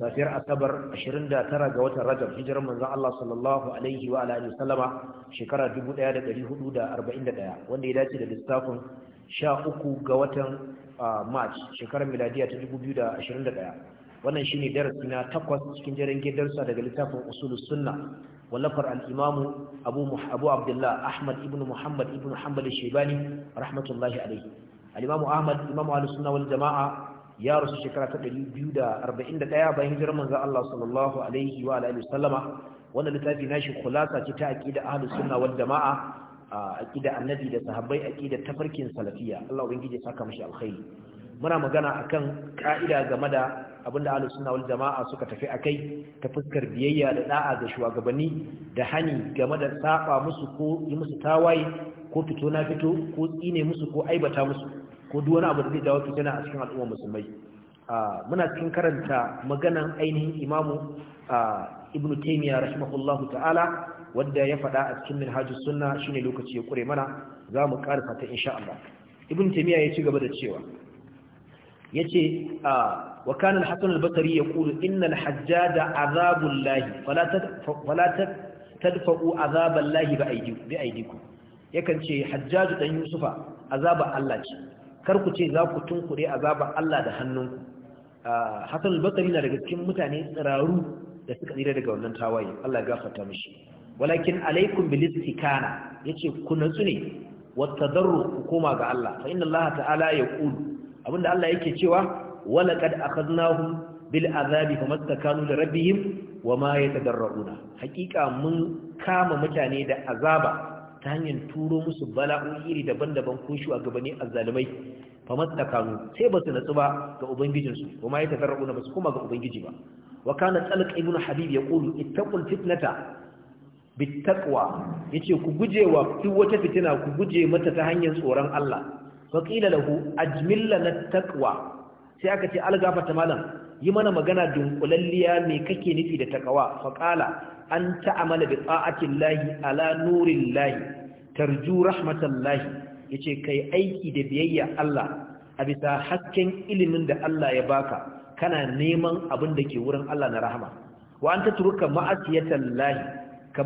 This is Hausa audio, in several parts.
safiyar asabar 29 ga watan rajab hijirar manzon Allah sallallahu alaihi wa alihi sallama shekara 1441 wanda ya dace da lissafin 13 ga watan march shekarar miladiya ta 2021 wannan shine darasi na takwas cikin jerin gidansa daga littafin usulus sunna wallafar al-imam abu abu abdullah ahmad ibn muhammad ibn hanbal shebani rahmatullahi alaihi al-imam ahmad imam al sunna wal jamaa ya rasu shekara ta 241 bayan hijirar manzo Allah sallallahu alaihi wa alihi wasallama wannan littafi nashi khulasa ce ta aqida ahlus sunna wal jamaa aqida annabi da sahabbai aqida tafarkin salafiya Allah ubangiji ya saka mishi alkhairi muna magana akan ka'ida game da abinda ahlus sunna wal jamaa suka tafi akai ta fuskar biyayya da da'a ga shugabanni da hani game da saba musu ko yi musu tawaye ko fito na fito ko tsine musu ko aibata musu ko duk wani abu da zai jawo fitina a cikin al'ummar musulmai muna cikin karanta maganan ainihin imamu ibnu taymiya rahimahullahu ta'ala wanda ya faɗa a cikin minhajus sunna shine lokaci ya kure mana za mu karasa ta insha Allah ibn taymiya ya ci gaba da cewa yace wa kana al-hasan al-basri yaqulu inna al-hajjada azabul lahi fala fala tadfa'u azabal lahi bi aydikum yakan ce hajjaju dan yusufa azaba Allah ce Karku ku ce za ku tunkure azabar Allah da hannunku Hassan na daga cikin mutane tsiraru da suka tsira daga wannan tawaye Allah ya gafarta mishi walakin alaikum bil istikana yace ku natsu ne wat tadarru ku koma ga Allah fa inna Allah ta'ala yaqulu abinda Allah yake cewa walaqad akhadnahum bil azabi famastakanu li rabbihim wama yatadarruna hakika mun kama mutane da azaba ta hanyar turo musu bala'o'i iri daban-daban ko shugabanni azzalumai famattakanu sai basu natsu ba ga ubangijinsu kuma ya tafarrauna ba basu kuma ga ubangiji ba wa kana talq ibn habib yaqulu ittaqul fitnata bittaqwa yace ku gujewa duk wata fitina ku guje mata ta hanyar tsoron Allah fa qila lahu ajmil lana taqwa sai aka ce algafata malam yi mana magana dunkulalliya me kake nufi da takawa fa qala an ta'amala bi ta'atillahi ala nurillahi tarju rahmatallahi yace kai aiki da biyayya Allah a bisa hasken ilimin da Allah ya baka kana neman abin da ke wurin Allah na rahama wa ta turuka ma'asiyatan lahi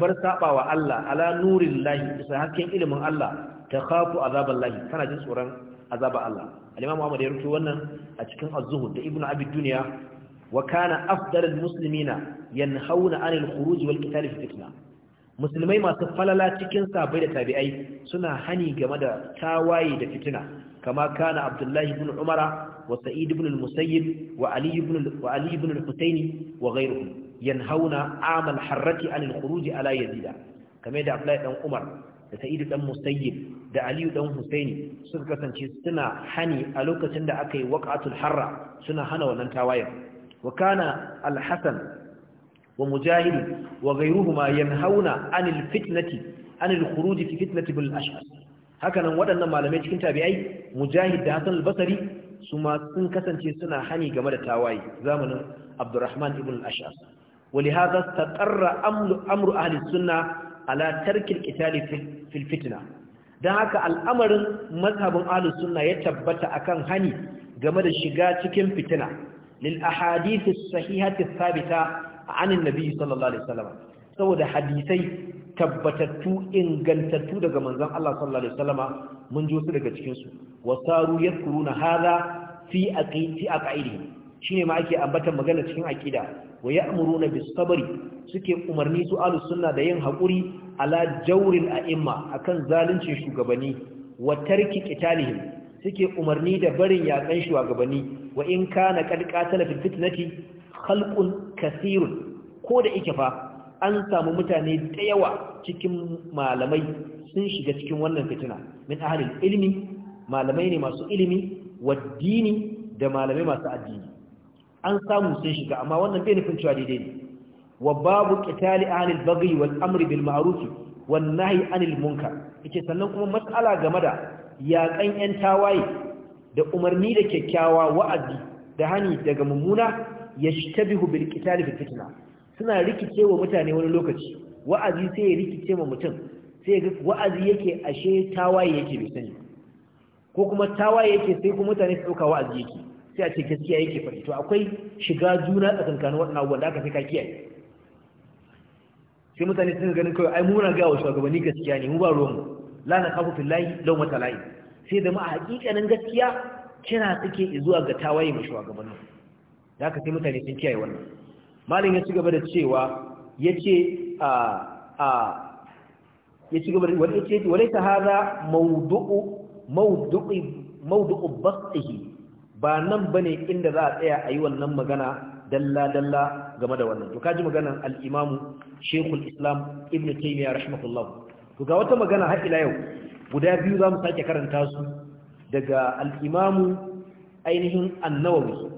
bar saɓawa Allah ala nurin lahi bisa hasken ilimin Allah ta khafu azaban lahi kana jin tsoron azaba Allah al-imam Muhammad ya rubuta wannan a cikin az-zuhud da ibnu abi dunya wa kana afdalul muslimina yanhauna 'anil khuruj wal qital fi fitna musulmai masu falala cikin sabai da tabi'ai suna hani game da tawaye da fitina kama kana abdullahi ibn umara wa sa'id ibn al-musayyib wa ali ibn wa ali ibn al wa ghayruhum yanhauna amal harrati an al-khuruj ala yazida kamar da abdullahi dan umar da sa'id dan musayyib da ali dan husaini suka kasance suna hani a lokacin da aka yi waqatul harra suna hana wannan tawayen wa kana al-hasan wa mujahid wa ghayruhuma yanhauna anil fitnati anil khuruj fi fitnati bil hakanan waɗannan malamai cikin tabi'ai mujahid da hasan al-basri su ma sun kasance suna hani game da tawaye zamanin abdurrahman ibn al-ash'as ولهذا استقر امر امر اهل السنه على ترك القتال في الفتنه dan haka al'amarin mazhabin ahlus sunna ya tabbata akan hani game da shiga cikin fitina lil ahadith as-sahihah ath anin nabi sallallahu alaihi wasallam saboda hadisai tabbatattu ingantattu daga manzon Allah sallallahu alaihi wasallam mun jo su daga cikin su wasaru yadkuruna hadha fi aqiti aqaidi shine ma ake ambatan magana cikin aqida wa ya'muruna bis sabri suke umarni su ahlus sunna da yin hakuri ala jawril a'imma akan zaluncin shugabanni wa tarki qitalihim suke umarni da barin yakan shugabanni wa in kana qad qatala fitnati khalqun kathirun ko da yake fa an samu mutane da yawa cikin malamai sun shiga cikin wannan fitina min ahlil ilmi malamai ne masu ilimi waddini da malamai masu addini an samu sun shiga amma wannan bai nufin cewa daidai ne wa babu qitali ahlil baghi wal amri bil ma'ruf wal nahyi anil munkar yake sannan kuma matsala game da yaƙan yan tawaye da umarni da kyakkyawa wa'azi da hani daga mummuna yashtabihu bil qital fi fitna suna rikice wa mutane wani lokaci wa'azi sai ya rikice ma mutum sai ga wa'azi yake ashe tawaye yake bai sani ko kuma tawaye yake sai kuma mutane su dauka wa'azi yake sai a ce gaskiya yake faɗi to akwai shiga juna tsakankanin waɗannan abubuwan da aka sai ka kiyaye sai mutane sun ganin kawai ai muna ga wa shugabanni gaskiya ne mu ba ruwan la na kafu fillahi law mata la'i sai da mu a hakikanin gaskiya kira suke zuwa ga tawaye mu shugabanni da aka sai mutane sun kiyaye wannan malin ya ci gaba da cewa ya ce a a ya ci gaba da wani ce wani ta haza maudu'u maudu'i maudu'u basihi ba nan bane inda za a tsaya a yi wannan magana dalla dalla game da wannan to kaji maganan al-imamu shekul islam ibn taymiya rahimahullah to ga wata magana har ila yau guda biyu zamu sake karanta su daga al-imamu ainihin an-nawawi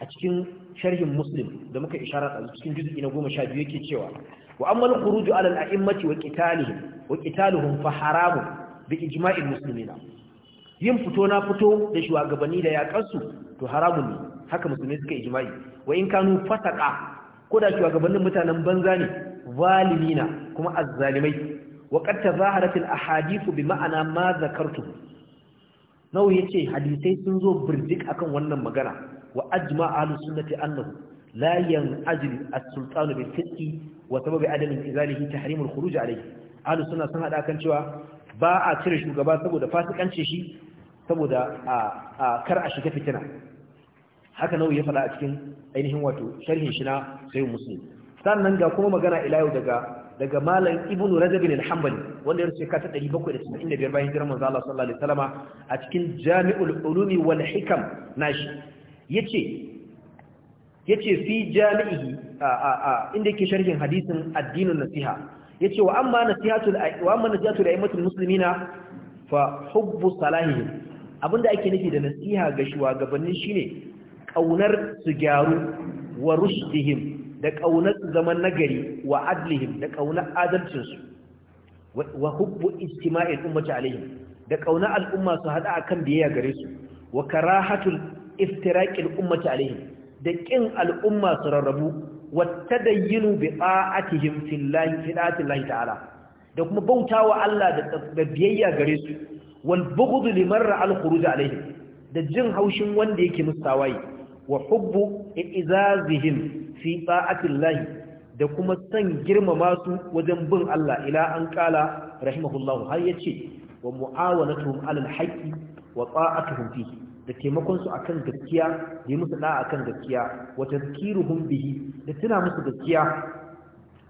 a cikin sharhin muslim da muka ishara a cikin juzuki na goma sha biyu yake cewa wa amma al-khuruju ala al wa qitalihim wa fa haramun bi ijma'il yin fito na fito da shugabanni da yakansu to haramun ne haka musulmi suka ijma'i wa in kanu fasaka ko da shugabannin mutanen banza ne zalimina kuma azzalimai wa qad tazaharatil ahadithu bi ma'ana ma zakartu nawi yace hadisai sun zo birdik akan wannan magana wa ajma ahlus sunnati annahu la yan'ajil as-sultanu bil fisqi wa sabab adam intizalihi tahrim al-khuruj alayhi ahlus sun hada kan cewa ba a cire shugaba saboda fasikanci shi saboda a kar a shiga fitina haka nawa ya faɗa a cikin ainihin wato sharhin shi na sayyid muslim sannan ga kuma magana ila yau daga daga malam ibn rajab bin al-hanbali wanda ya rubuta ta 795 bayan hijirar manzo Allah sallallahu alaihi wasallama a cikin jami'ul ulumi wal hikam nashi yace yace fi jami'i inda yake sharhin hadisin addinin nasiha yace wa amma nasihatul wa amma najatul a'immatul muslimina fa hubbu salahihim abinda ake nufi da nasiha ga shugabanni shine kaunar su gyaru wa rushdihim da kaunar zaman nagari wa adlihim da kaunar adalcin su wa hubbu istima'il ummati alaihim da kaunar al'umma su hada akan biyayya gare su wa karahatul iftiraqil ummati alaihim da ƙin al'umma su rarrabu wattadayyinu bi ta'atihim fillahi fi'atillahi ta'ala da kuma bautawa Allah da biyayya gare su walbukudu bughd liman da khuruj da jin haushin wanda yake mustawayi wa hubbu izazihim fi ta'atillahi da kuma san girmama su wajen bin Allah ila an kala rahimahullahu har yace wa mu'awanatuhum alal haqqi wa ta'atuhum fihi da taimakon su akan gaskiya da yi musu da'a akan gaskiya wa tazkiruhum bihi da tuna musu gaskiya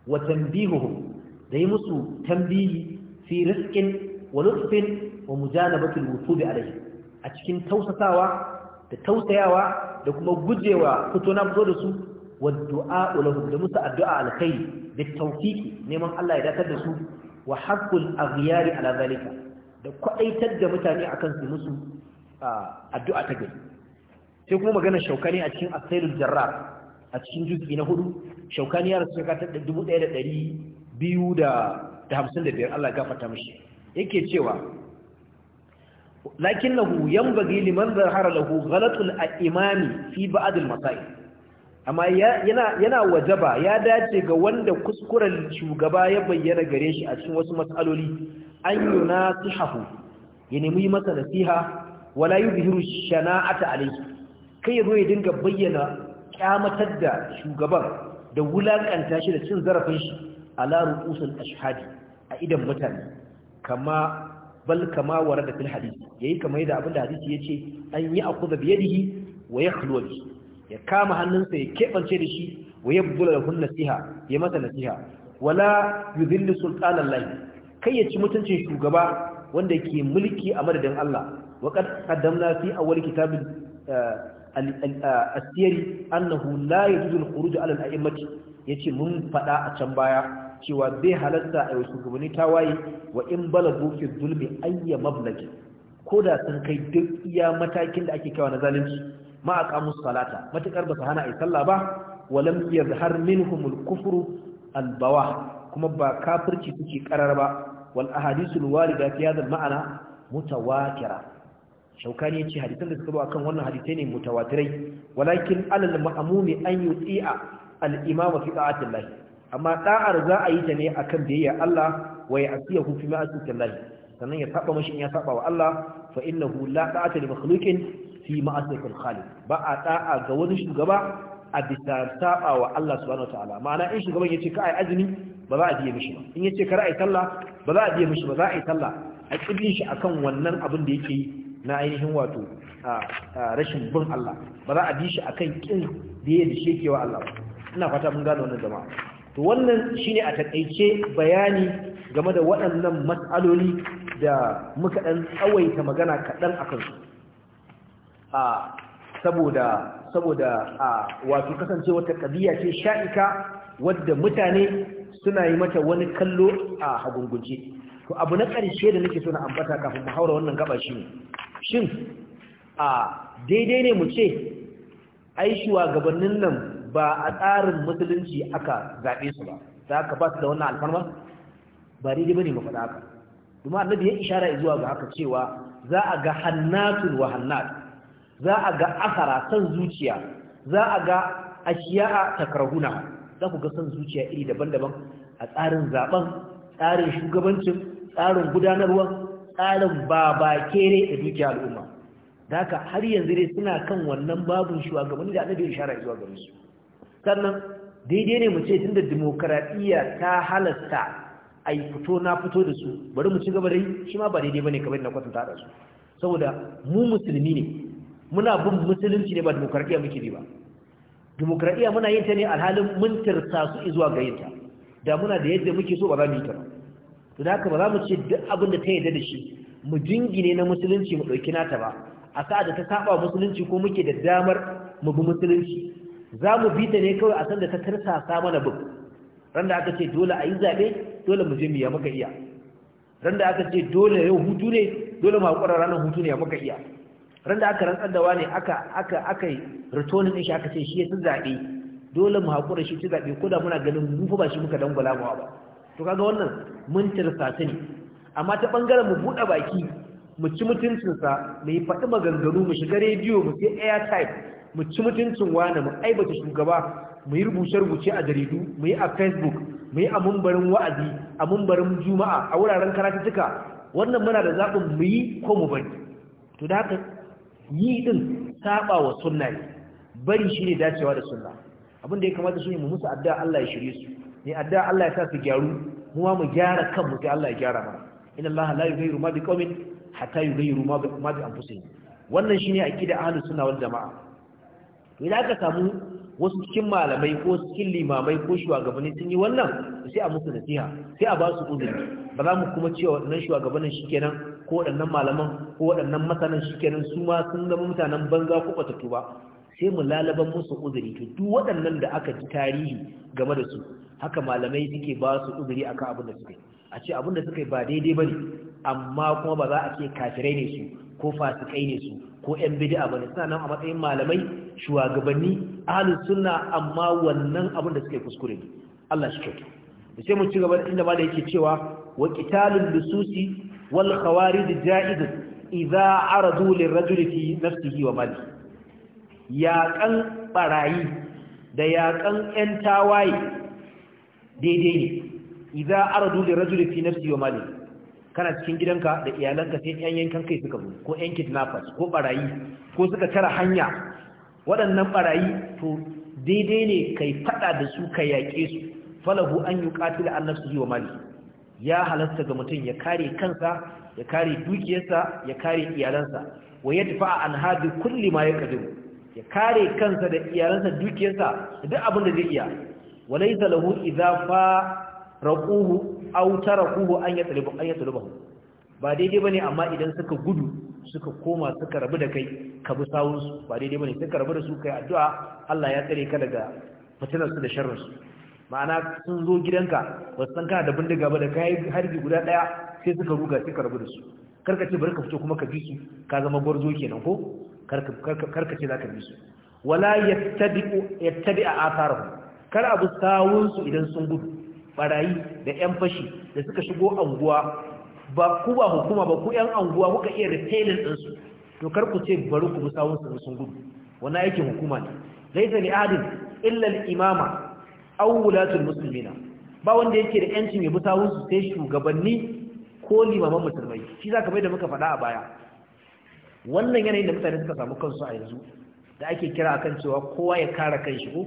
wa tanbihuhum da yi musu tambihi fi rizqin wa lutfin wa mujanabati al-wutubi a cikin tausasawa da tausayawa da kuma gujewa fito na fito da su wa du'a da musu addu'a alkhairi da tawfiki neman Allah ya dakatar da su wa haqqul aghyari ala zalika da kwaɗaitar da mutane akan su musu addu'a ta gari sai kuma maganar shaukani a cikin asailul jarrar a cikin juz'i na hudu shaukani ya rasu ta dubu ɗaya da ɗari biyu da hamsin da biyar Allah gafarta mashi yake cewa lakin lakinnahu yanbaghi liman zahara lahu ghalatul imami fi ba'd al amma yana yana wajaba ya dace ga wanda kuskuren shugaba ya bayyana gare shi a cikin wasu matsaloli an yunasihahu ya nemi masa nasiha wala yuzhiru shana'ata alayhi kai zo ya dinga bayyana kyamatar da shugaban da wulakanta shi da cin zarafin shi ala ru'usul ashhadi a idan mutane kama bal kama warada fil hadith yayi kamar yadda abinda hadisi ce an yi akuza bi yadihi wa yakhlu bi ya kama hannunsa ya keɓance da shi wa yabdula lahu nasiha ya mata nasiha wala yudhillu sultanallahi kai ya ci mutuncin shugaba wanda ke mulki a madadin Allah wa qad qaddamna fi awwal kitabin eh, al-siyari eh, annahu la yajuzu khuruj ala al-a'immati yace mun fada a can baya cewa bai halatta a wasu gabani tawaye wa in balagu fi zulmi ayya mablagi ko da sun kai duk iya matakin da ake kawo na zalunci ma a kamu salata matukar ba su hana a yi sallah ba walam yazhar minhum al-kufru al-bawa kuma ba kafirci suke karar ba wal ahadisul warida fi hadha ma'ana mutawatira shaukani ce hadisan da suka zo akan wannan hadisai ne mutawatirai walakin alal ma'mumi an yuti'a al imam fi ta'atillah amma da'ar za a yi ta ne akan biyayya Allah wa ya'siyahu fi ma'asiyatillah sannan ya saba mashi in ya saba wa Allah fa innahu la ta'ata li makhluqin fi ma'asiyatil khaliq ba a da'a ga wani shugaba a bisa saba wa Allah subhanahu wa ta'ala ma'ana in shugaban yace ka ai azumi ba za a biye mishi ba in yace kar ai talla ba za a biye mishi ba za a yi talla a kibin shi akan wannan abin da yake na ainihin wato rashin bin Allah ba za a bi shi akan kin da yake shekewa Allah ba ina fata mun gano wannan jama'a to wannan shine a takaice bayani game da waɗannan matsaloli da muka ɗan tsawaita magana kaɗan akansu su a saboda saboda a wato kasancewa ta ƙabiya ce sha'ika wadda mutane suna yi mata wani kallo a hagungunci to abu na ƙarshe da nake so na ambata kafin mu haura wannan gaba shi ne shin a daidai ne mu ce ai shugabannin nan ba a tsarin musulunci aka zaɓe su ba za ka ba su da wannan alfarma ba daidai bane mu faɗa haka kuma annabi ya ishara zuwa ga haka cewa za a ga hannatul wa hannat za a ga asara san zuciya za a ga a takrahuna za ku ga son zuciya iri daban-daban a tsarin zaben tsarin shugabancin tsarin gudanarwa tsarin babakere da dukiya al'umma da haka har yanzu dai suna kan wannan babun shugabanni da annabi shara zuwa gare su sannan daidai ne mu ce tunda demokaradiyya ta halasta a yi fito na fito da su bari mu ci gaba da yi shi ma ba daidai bane kamar na kwatanta da su saboda mu musulmi ne muna bin musulunci ne ba demokaradiyya muke bi ba demokradiya muna yin ta ne alhalin mun su zuwa ga yinta da muna da yadda muke so ba za mu yi ta to da haka ba za mu ce duk abin da ta yarda da shi mu jingine na musulunci mu ɗauki nata ba a sa da ta saba musulunci ko muke da damar mu bi musulunci za mu bi ta ne kawai a san da ta sa mana bin randa aka ce dole a yi zaɓe dole mu je mu ya muka iya randa aka ce dole yau hutu ne dole mu haƙura ranar hutu ne ya muka iya randa aka rantsar da wani aka aka aka returnin din shi aka ce shi ya ci zabe dole mu hakura shi ci zabe ko da muna ganin mu fa ba shi muka dangula mu ba to kaga wannan mun tirsa ta ne amma ta bangaren mu buɗe baki mu ci mutuncinsa mu yi faɗi maganganu mu shiga rediyo mu sai airtime mu ci mutuncin wani mu aibata shugaba mu yi rubuce-rubuce a jaridu mu yi a facebook mu yi a mumbarin wa'azi a mumbarin juma'a a wuraren karatuttuka wannan muna da zaɓin mu yi ko mu bari to da haka yi din saba wa sunna ne bari shi ne dacewa da sunna abin da ya kamata su ne mu musu addu'a Allah ya shirye su ne addu'a Allah ya sa su gyaru mu ma mu gyara kan mu sai Allah ya gyara mana inna Allah la yughayyiru ma biqawmin hatta yughayyiru ma bi anfusihim wannan shine aqida ahlus sunna wal jamaa to idan aka samu wasu cikin malamai ko cikin limamai ko shugabanni sun yi wannan sai a musu nasiha sai a ba su uzuri ba za mu kuma cewa waɗannan shugabannin shikenan ko waɗannan malaman ko waɗannan masanan shikenan su ma sun zama mutanen banza ko batattu ba sai mu lalaban musu uzuri to duk waɗannan da aka ji tarihi game da su haka malamai suke ba su uzuri akan abin da suka a ce abin da suka ba daidai ba ne amma kuma ba za a ce kafirai ne su ko fasikai ne su ko 'yan bid'a ba ne suna nan a matsayin malamai shugabanni ahalin suna, amma wannan abin da suke kuskure ne Allah shi kyautu da sai mu ci gaba inda ma da yake cewa wa qitalul lususi wal khawarij ja'id idza aradu lirajuli fi nafsihi wa mali yaƙan barayi da yaƙan 'yan tawaye daidai ne idza aradu lirajuli fi nafsihi wa mali kana cikin gidanka da iyalanka sai yan yankan kai suka zo ko yan kidnappers ko barayi ko suka tara hanya waɗannan barayi to daidai ne kai fada da su ka yaƙe su falahu an yuqatila yi wa mali ya halasta ga mutum ya kare kansa ya kare dukiyarsa ya kare iyalansa wa tafi a alhadi kulli ma yaqdiru ya kare kansa da iyalansa dukiyarsa duk abin da zai iya laisa lahu idza fa raquhu aw tarakuhu an yatlubu an yatlubu ba daidai bane amma idan suka gudu suka koma suka rabu da kai ka bi sawun su ba daidai bane suka rabu da su kai addu'a Allah ya tsare ka daga fitinar su da sharrin su ma'ana sun zo gidanka ba san kana da bindiga ba da kai harbi guda daya sai suka ruga suka rabu da su karka ce bari ka fito kuma ka bi su ka zama gwarzo kenan ko karka ce za ka bi su wala yattabi'u yattabi'a atharahum kar abu sawun su idan sun gudu barayi da 'yan fashi da suka shigo anguwa ba ku ba hukuma ba ku 'yan anguwa kuka iya retailing ɗinsu to kar ku ce bari ku musa su sun gudu wani aikin hukuma ne laisa li adin illa imama aw wulatul muslimina ba wanda yake da yancin ya musa wasu sai shugabanni ko limaman musulmai shi zaka bai da muka faɗa a baya wannan yanayin da mutane suka samu kansu a yanzu da ake kira akan cewa kowa ya kare kanshi ko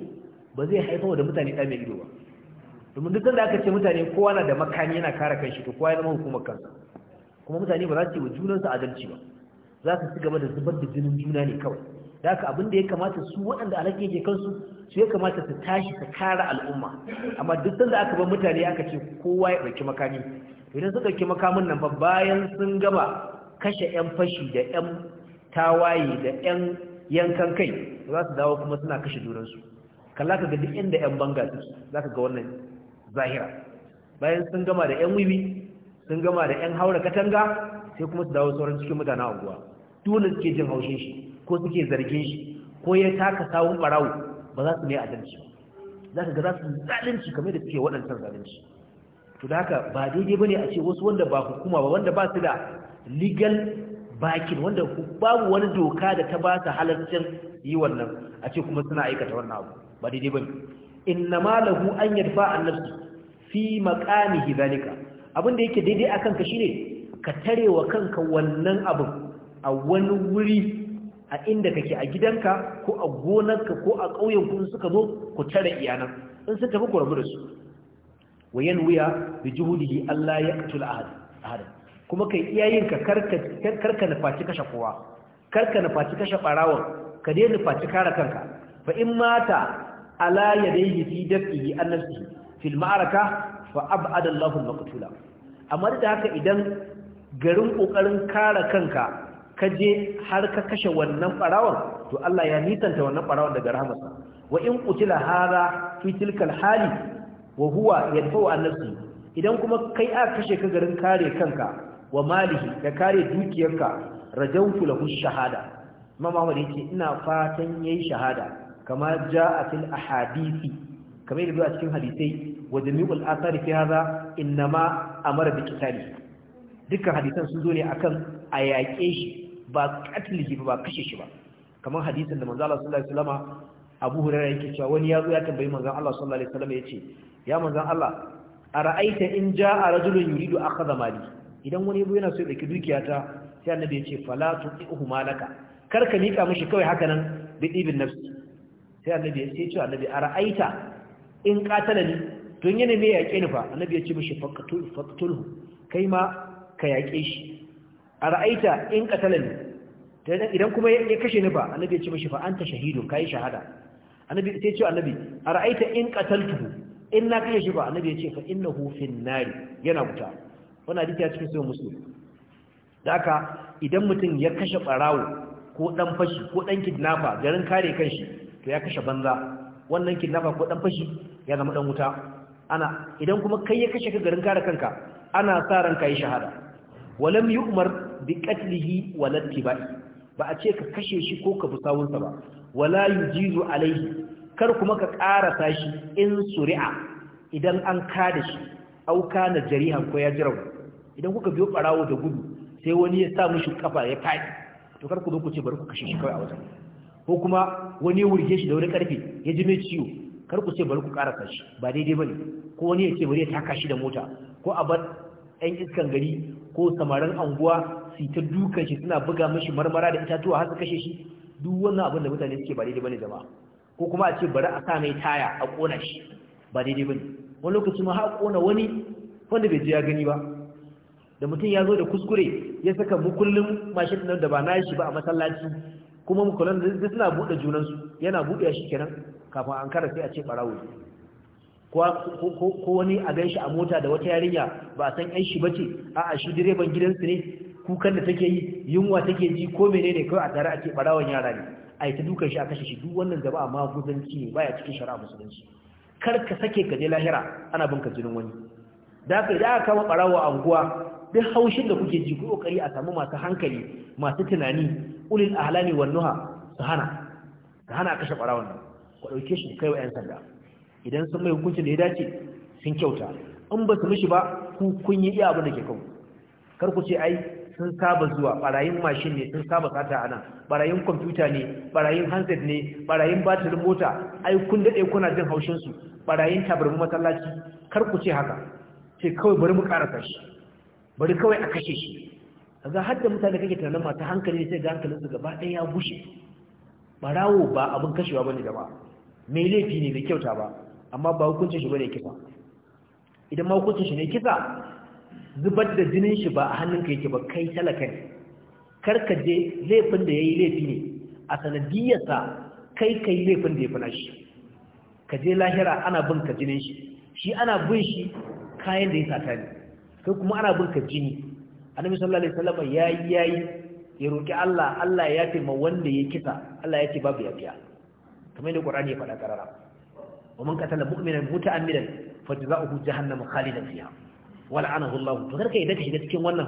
ba zai haifar da mutane mai ido ba domin duk da aka ce mutane kowa na da makami yana kare kanshi to kowa ya zama hukumar kansa kuma mutane ba za su yi wa junansu adalci ba za su ci gaba da zubar da jinin juna ne kawai da haka abin ya kamata su waɗanda alaƙe yake kansu su ya kamata su tashi su kare al'umma amma duk sanda aka bar mutane aka ce kowa ya ɗauki makami idan suka ɗauki makamin nan fa bayan sun gaba kashe 'yan fashi da 'yan tawaye da 'yan yankan kai za su dawo kuma suna kashe junansu kalla ka ga duk inda 'yan banga su za ka ga wannan zahira bayan sun gama da yan wiwi sun gama da yan haura katanga sai kuma su dawo sauran cikin mutane a unguwa dole suke jin haushin shi ko suke zargin shi ko ya taka sawun barawo ba za su mai adalci za ka ga za su zalunci kamar da suke waɗancan zalunci to da haka ba daidai bane a ce wasu wanda ba hukuma ba wanda ba su da legal bakin wanda babu wani doka da ta ba su halarcin yi wannan a ce kuma suna aikata wannan abu ba daidai bane Inna ma lahu an yadfa an nafsi fi maqamihi zalika abin da yake daidai akan ka shine ka tarewa kanka wannan abin a wani wuri a inda kake a gidanka ko a gonarka ko a ƙauyen kun suka zo ku tare iyanan in sun tafi ku rabu da su wayan wuya bi juhudihi Allah ya qatul ahad ahad kuma kai iyayinka karka karka nufaci kashe kowa karka nufaci kashe barawon ka dai nufaci kare kanka fa in mata ala yadayhi fi daf'ihi an nafsihi fil ma'araka fa ab'ada al-maqtula amma da haka idan garin kokarin kare kanka ka je har ka kashe wannan barawon to Allah ya nisanta wannan barawon daga rahmarsa wa in qutila hada fi tilkal hali wa huwa yadfa'u an idan kuma kai aka kashe ka garin kare kanka wa malihi da kare dukiyarka rajautu lahu shahada imam Ahmad ina fatan yayi shahada kama jaa fil ahadisi kamar yadda a cikin hadisai wa jami'ul athari fi hadha inma amara bi qitali dukkan hadisan sun zo ne akan a yaƙe shi ba katlihi ba kashe shi ba kamar hadisin da manzo Allah sallallahu alaihi wasallama Abu Hurairah yake cewa wani yazo ya tambayi manzo Allah sallallahu alaihi wasallama yace ya manzo Allah ara'aita in jaa rajulun yuridu akhadha mali idan wani yabo yana so ya dauki dukiyata sai annabi yace fala tuqihu malaka karka mika mishi kawai haka nan bi ibn nafsi sai annabi ya ce cewa annabi a ra'aita in katala ni don yana mai yaƙe ni fa annabi ya ce mishi faktulhu kai ma ka yaƙe shi a ra'aita in katala ni idan kuma ya kashe ni fa annabi ya ce mishi fa anta shahidun kai shahada annabi sai ce annabi a ra'aita in qataltuhu in na kashe shi fa annabi ya ce fa innahu fin nar yana wuta wannan hadisi ya cikin sai musulmi da haka idan mutum ya kashe barawo ko dan fashi ko dan kidnapper garin kare kanshi to ya kashe banza wannan kidnapper ko dan fashi ya zama dan wuta ana idan kuma kai ya kashe ka garin kare kanka ana sa ran kai shahada walam yu'mar bi qatlihi wala tibai ba a ce ka kashe shi ko ka busawunsa ba wala yujizu alaihi kar kuma ka karasa shi in suri'a idan an kada shi auka na jarihan ko ya jirau idan kuka biyo barawo da gudu sai wani ya sa mishi kafa ya fadi to kar ku zo ku ce bari ku kashe shi kawai a wajen ko kuma wani wurge shi da wani karfe ya ji mai ciwo kar ku ce bari ku karasa shi ba daidai bane ko wani ya ce bari ya taka shi da mota ko a bar ɗan iskan gari ko samarin anguwa su ta dukan shi suna buga mashi marmara da itatuwa har su kashe shi duk wannan abin da mutane suke ba daidai bane jama'a ko kuma a ce bari a sa mai taya a kona shi ba daidai bane wani lokaci ma har kona wani wanda bai je ya gani ba da mutum ya zo da kuskure ya saka mukullin mashin nan da ba na shi ba a masallaci kuma mukulan da suna buɗe junansu yana buɗe shi kenan kafin an kara sai a ce ɓarawo ko wani a gan shi a mota da wata yarinya ba a san yan shi bace a a shi direban gidansu ne kukan da take yi yunwa take ji ko menene kawai a tare a ce ɓarawon yara ne a yi ta dukan shi a kashe shi duk wannan gaba ma guzanci ne baya cikin shari'a musulunci kar ka sake ka je lahira ana bin ka jinin wani da ka da aka kama ɓarawo a unguwa, duk haushin da kuke ji ku kokari a samu masu hankali masu tunani ulil ahlami wan nuha su hana hana kashe barawon nan ku dauke shi kai wa yan sanda idan sun mai hukuncin da ya dace sun kyauta in ba su mishi ba ku kun yi iya abin da ke kanku kar ku ce ai sun saba zuwa barayin mashin ne sun saba sata a nan barayin kwamfuta ne barayin handset ne barayin batirin mota ai kun daɗe kuna jin haushinsu barayin tabarmu masallaci kar ku ce haka ce kawai bari mu ƙara shi bari kawai a kashe shi kaga har mutane kake tunanin mata hankali ne sai ga hankalinsu gaba ɗaya ya bushe barawo ba abin kashewa bane gaba mai laifi ne bai kyauta ba amma ba hukuncin shi bane kisa idan ma hukuncin shi ne kisa zubar da jinin shi ba a hannun ka yake ba kai talaka ne karka je laifin da yayi laifi ne a sanadiyarsa kai kai laifin da ya fina shi ka je lahira ana bin ka jinin shi shi ana bin shi kayan da ya sata ne kai kuma ana bin ka jini annabi sallallahu alaihi wasallam yayi yayi ya roki Allah Allah ya fi wanda ya kisa Allah ya ce babu yafiya kamar da Qur'ani ya faɗa karara wa man qatala mu'minan muta'ammidan fajza'uhu jahannam khalidan fiha wa la'anahu Allah to kar karka da ka shiga cikin wannan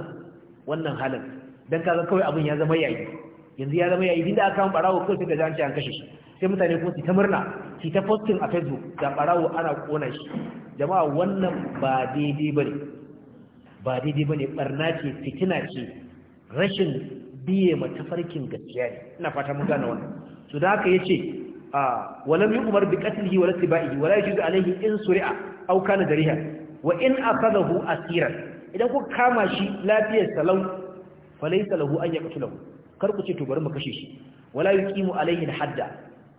wannan halin dan kaga kawai abun ya zama yayi yanzu ya zama yayi inda aka barawo ko sai ga an ce an kashe shi sai mutane ko su ta murna su ta posting a Facebook da barawo ana kona shi jama'a wannan ba daidai bane ba daidai ne barna ce fitina ce rashin biye ma gaskiya ne ina fata mun gane wannan to da haka yace a walam yu'mar bi qatlihi wa tibaihi wala yujuz alayhi in suri'a aw kana dariha wa in akhadahu asiran idan ku kama shi lafiyar salau falaysa lahu an yaqtulahu kar ku ce to bari mu kashe shi wala yuqimu alayhi hadda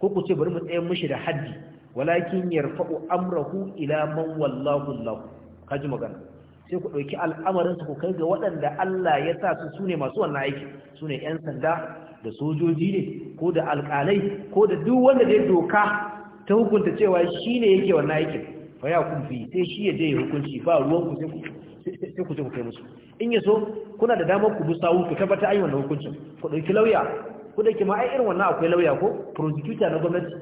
ko ku ce bari mu tsayar mishi da haddi walakin yarfa'u amrahu ila man wallahu lahu kaji magana sai ku ɗauki al'amarinsu ku kai ga waɗanda Allah ya sa su ne masu wannan aiki su ne 'yan sanda da sojoji ne ko da alƙalai ko da duk wanda zai doka ta hukunta cewa shi ne yake wannan aikin fa ya kumfi sai shi ya je ya hukunci ba ruwanku sai ku ce ku kai musu in ya so kuna da damar ku bi sawu ku tabbata ai wannan hukuncin ku ɗauki lauya ku da ma ai irin wannan akwai lauya ko prosecutor na gwamnati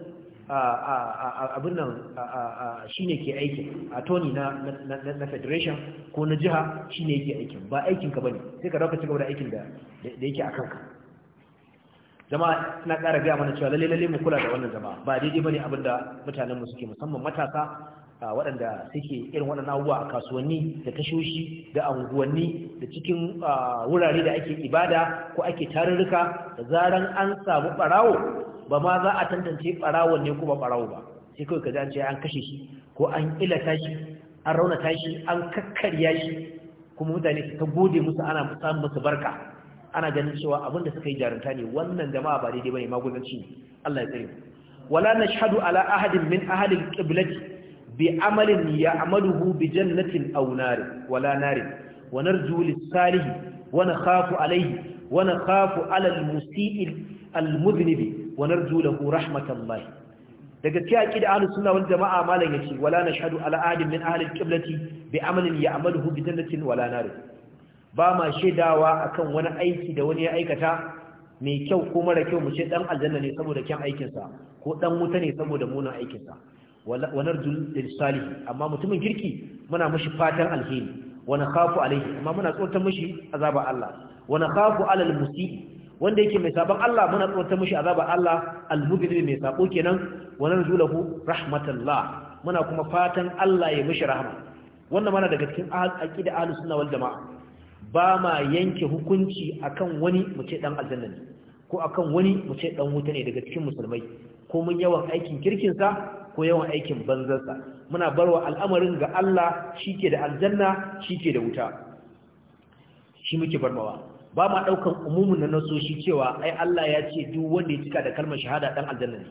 abin nan shi ne ke aikin a toni na federation ko na jiha shi ne ke aikin ba aikinka ba ne sai ka rauka cigaba da aikin da yake a kanka zama na ƙara gaya mana cewa lalle-lalle mu kula da wannan zama ba daidai ba ne abin da mu suke musamman matasa waɗanda suke irin waɗannan abubuwa a kasuwanni da tashoshi da anguwanni da cikin wurare da ake ibada ko ake tarurruka da zaran an samu ɓarawo ba ma za a tantance ɓarawon ne kuma barawo ba sai kawai ka ji an kashe shi ko an ilata shi an raunata shi an kakkarya shi kuma mutane ta gode musu ana samun musu barka ana ganin cewa abin da suka yi jarunta ne wannan jama'a ba daidai bane magudanci ne Allah ya tsare wala nashhadu ala ahadin min ahli al-qiblati bi amalin ya'maluhu bi jannatin aw nar wala nar wa narju lis-salih wa nakhafu alayhi wa nakhafu ala al-musii al-mudhnibi wa narju lahu rahmatallahi daga cikin aqida ahlus sunna wal jamaa malan yace wala nashhadu ala ahadin min ahli al-qiblati bi amalin ya'maluhu bi jannatin wala nar ba ma shedawa akan wani aiki da wani ya aikata mai kyau ko mara kyau mu ce dan aljanna ne saboda kyan aikinsa ko dan wuta ne saboda munin aikinsa wa narju lil amma mutumin kirki muna mishi fatan alheri wa nakhafu alaihi amma muna tsotan mishi azaba Allah wa nakhafu ala al-musii wanda yake mai sabon Allah muna tsotar mushi azaba Allah al-mubin mai sabo kenan wa nanzulahu rahmatullah muna kuma fatan Allah ya mushi rahama wannan mana daga cikin aqida ahlus sunna wal jamaa ba ma yanke hukunci akan wani mu ce dan aljanna ne ko akan wani mu ce dan wuta ne daga cikin musulmai ko mun yawan aikin kirkin sa ko yawan aikin banzansa muna barwa al'amarin ga Allah shi ke da aljanna shi ke da wuta shi muke barmawa ba ma ɗaukan umumin na nasoshi cewa ai Allah ya ce duk wanda ya cika da kalmar shahada ɗan aljanna ne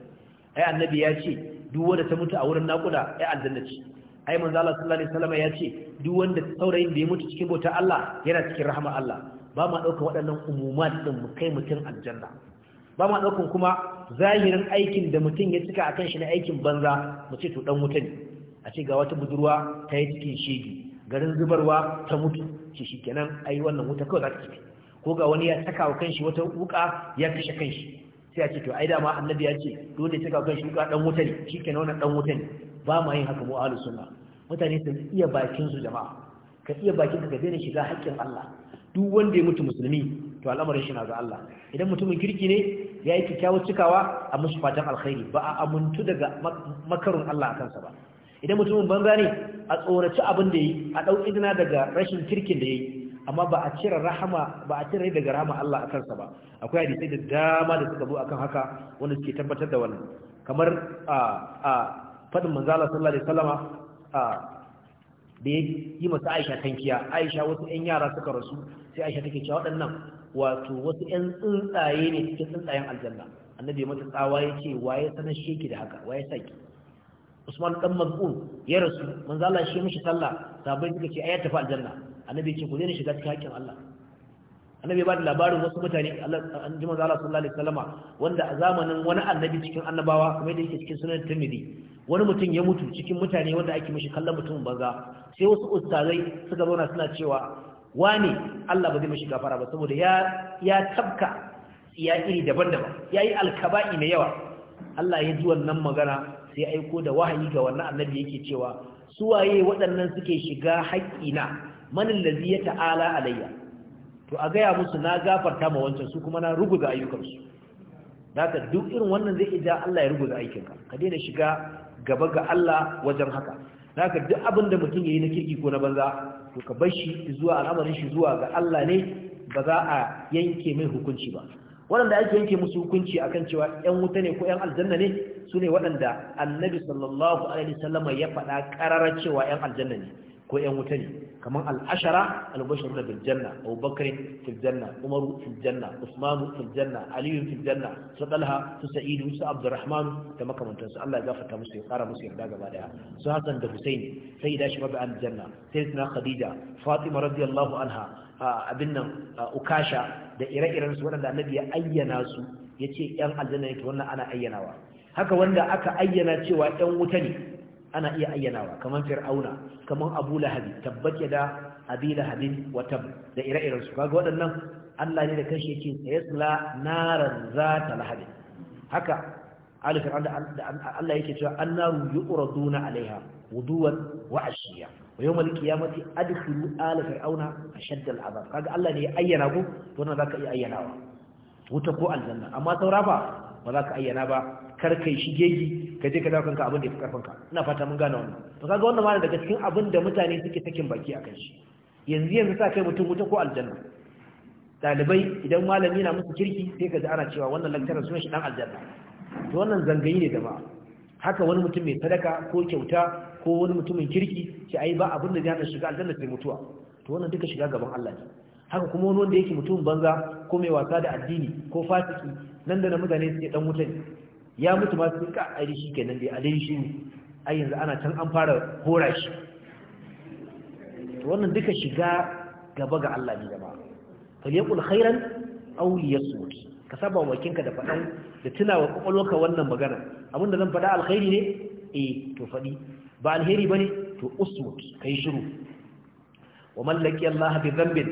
ai annabi ya ce duk wanda ta mutu a wurin naƙuda ai aljanna ce ai manzo Allah sallallahu alaihi wasallam ya ce duk wanda saurayin da ya mutu cikin bautar Allah yana cikin rahama Allah ba ma ɗaukan waɗannan umuman din mu kai mutum aljanna ba ma ɗaukan kuma zahirin aikin da mutum ya cika akan shi na aikin banza mu ce to dan wuta a ce ga wata budurwa ta yi cikin shege garin zubarwa ta mutu shi shikenan ai wannan wuta kawai za ta tafi ko ga wani ya saka wa kanshi wata wuka ya kashe kanshi sai a ce to ai dama annabi ya ce dole ya saka wa kanshi wuka dan wuta ne shikenan wannan dan wuta ne ba ma yin haka mu ahlus sunna mutane su iya bakin su jama'a ka iya bakin ka ka daina shiga haƙƙin Allah duk wanda ya mutu musulmi to al'amarin shi na ga Allah idan mutumin kirki ne ya yi kyakkyawar cikawa a musu fatan alkhairi ba a amuntu daga makarun Allah a kansa ba idan mutumin banza ne a tsoraci abin da yi a ɗauki izina daga rashin kirkin da ya yi amma ba a cire rahama ba a cire daga rahama Allah akan sa ba akwai hadisi da dama da suka zo akan haka wanda suke tabbatar da wannan kamar a a fadin manzo Allah sallallahu alaihi wasallama a da yi masa Aisha tankiya Aisha wasu ƴan yara suka rasu sai Aisha take cewa waɗannan wato wasu ƴan tsuntsaye ne cikin tsuntsayen aljanna annabi mata tsawa ya ce waye sanar sheki da haka waye saki Usman dan Maz'un ya rasu manzo Allah shi mishi sallah sabai suka ce ai fa tafi aljanna annabi ce ku daina shiga cikin haƙƙin Allah annabi ba da labarin wasu mutane an ji manzo sallallahu alaihi wasallama wanda a zamanin wani annabi cikin annabawa kamar da yake cikin sunan Tirmidhi wani mutum ya mutu cikin mutane wanda ake mishi kallon mutum banza sai wasu ustazai suka zauna suna cewa wane Allah ba zai mishi gafara ba saboda ya ya tabka ya iri daban-daban ya yi alkaba'i mai yawa Allah ya ji wannan magana sai aiko da wahayi ga wannan annabi yake cewa suwaye waɗannan suke shiga haƙƙina man allazi ya ta'ala alayya to a gaya musu na gafarta ma wancan su kuma na ruguza ayyukansu haka duk irin wannan zai ja Allah ya ruguza aikinka ka daina shiga gaba ga Allah wajen haka haka duk abin da mutum yi na kirki ko na banza to ka bar shi zuwa al'amarin shi zuwa ga Allah ne ba za a yanke mai hukunci ba waɗanda ake yanke musu hukunci akan cewa ƴan wuta ne ko ƴan aljanna ne su ne waɗanda annabi sallallahu alaihi wasallam ya faɗa ƙararar cewa ƴan aljanna ne ko yan wuta ne kamar al'ashara albashar da biljanna abubakar filjanna umaru filjanna usmanu filjanna aliyu filjanna su dalha su sa'idu su abdurrahman da makamantansu allah ya gafarta musu ya kara musu yarda gaba daya su hasan da husaini sai da shi mabi'an aljanna sai suna khadija fatima radiyallahu anha abin nan ukasha da ire-iren su waɗanda annabi ya ayyana su ya ce yan aljanna yake wannan ana ayyanawa haka wanda aka ayyana cewa yan wuta ne ana iya ayyanawa kamar fir'auna kamar abu lahabi tabbat da abi lahabin wa da ire-iren su kaga waɗannan Allah ne da kashi yake sayasla naran ta lahabi haka alifin an da Allah yake cewa annaru yuqraduna alaiha wuduwan wa ashiya wa yawmal qiyamati adkhulu ala fir'auna ashadda al'adab kaga Allah ne ya ayyana ku to nan zaka iya ayyanawa wuta ko aljanna amma saura ba ba za ka ayyana ba kar shi shigegi ka je ka dauka abin da ya fi karfin ka ina fata mun gane wannan to kaga wannan ma daga cikin abin da mutane suke sakin baki akan shi yanzu yanzu sa kai mutum wuta ko aljanna dalibai idan malami na musu kirki sai ka ji ana cewa wannan lantarar sunan shi dan aljanna to wannan zangayi ne ba haka wani mutum mai sadaka ko kyauta ko wani mutumin kirki shi ai ba abin da zai shiga aljanna sai mutuwa to wannan duka shiga gaban Allah ne haka kuma wani wanda yake mutum banza ko mai wasa da addini ko fasiki nan da na mutane su dan wuta ne ya mutu ma sun ka ari shi kenan dai adin shi ai yanzu ana can an fara hora shi wannan duka shiga gaba ga Allah ne jama'a falyaqul khairan aw liyasmut ka saba wakinka da fadan da tunawa kokolwarka wannan magana abinda zan fada alkhairi ne eh to fadi ba alheri bane to usmut kai shiru wa man laqi Allah bi dhanbin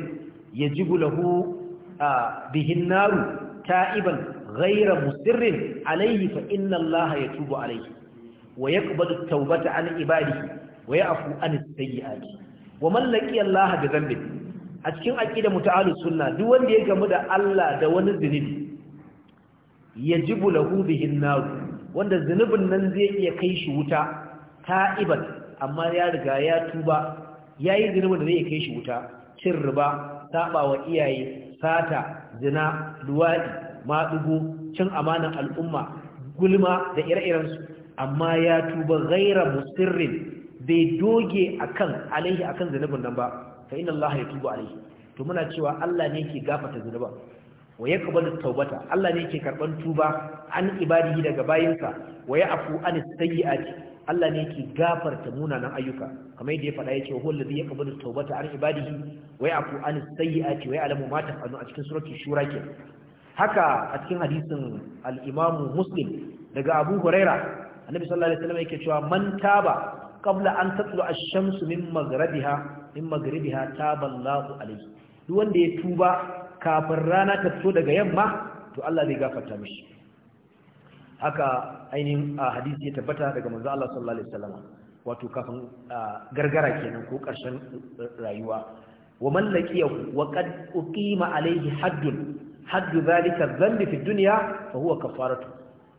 yajibu lahu ah, bihin naru ta'iban غير مسر عليه فإن الله يتوب عليه ويقبل التوبة عن عباده ويعفو عن السيئات ومن لقي الله بذنب a cikin aqida muta'allis sunna duk wanda ya gamu da Allah da wani Ya yajibu lahu bihin nar wanda zunubin nan zai iya kai shi wuta ta'iban amma ya riga ya tuba yayi zunubin da zai kai shi wuta cin riba saba iyaye sata zina luwaɗi. maɗugo cin amanan al'umma gulma da ire-irensu amma ya tuba gaira musirrin bai doge akan alaihi akan zanubin nan ba fa inna Allah ya tuba alaihi to muna cewa Allah ne yake gafarta zanuba wa yaqbalu tawbata Allah ne yake karban tuba an ibadihi daga bayinsa wa afu an sayyi'ati Allah ne yake gafarta munanan ayyuka kamar yadda ya faɗa yake ya allazi yaqbalu tawbata an ibadihi wa afu an sayyi'ati wa alamu ma taf'alun a cikin suratul shura ke haka a cikin hadisin alimamu Muslim daga Abu Huraira annabi sallallahu alaihi wasallam yake cewa man taba qabla an tatlu ash-shamsu min maghribiha min maghribiha taba Allahu duk wanda ya tuba kafin rana ta fito daga yamma to Allah zai gafarta mishi haka ainihin hadisi ya tabbata daga manzo Allah sallallahu alaihi wasallam wato kafin gargara kenan ko karshen eh, rayuwa wa man laqiyahu wa qad uqima alaihi haddun haddu zalika dhanbi fi dunya fa huwa kafaratu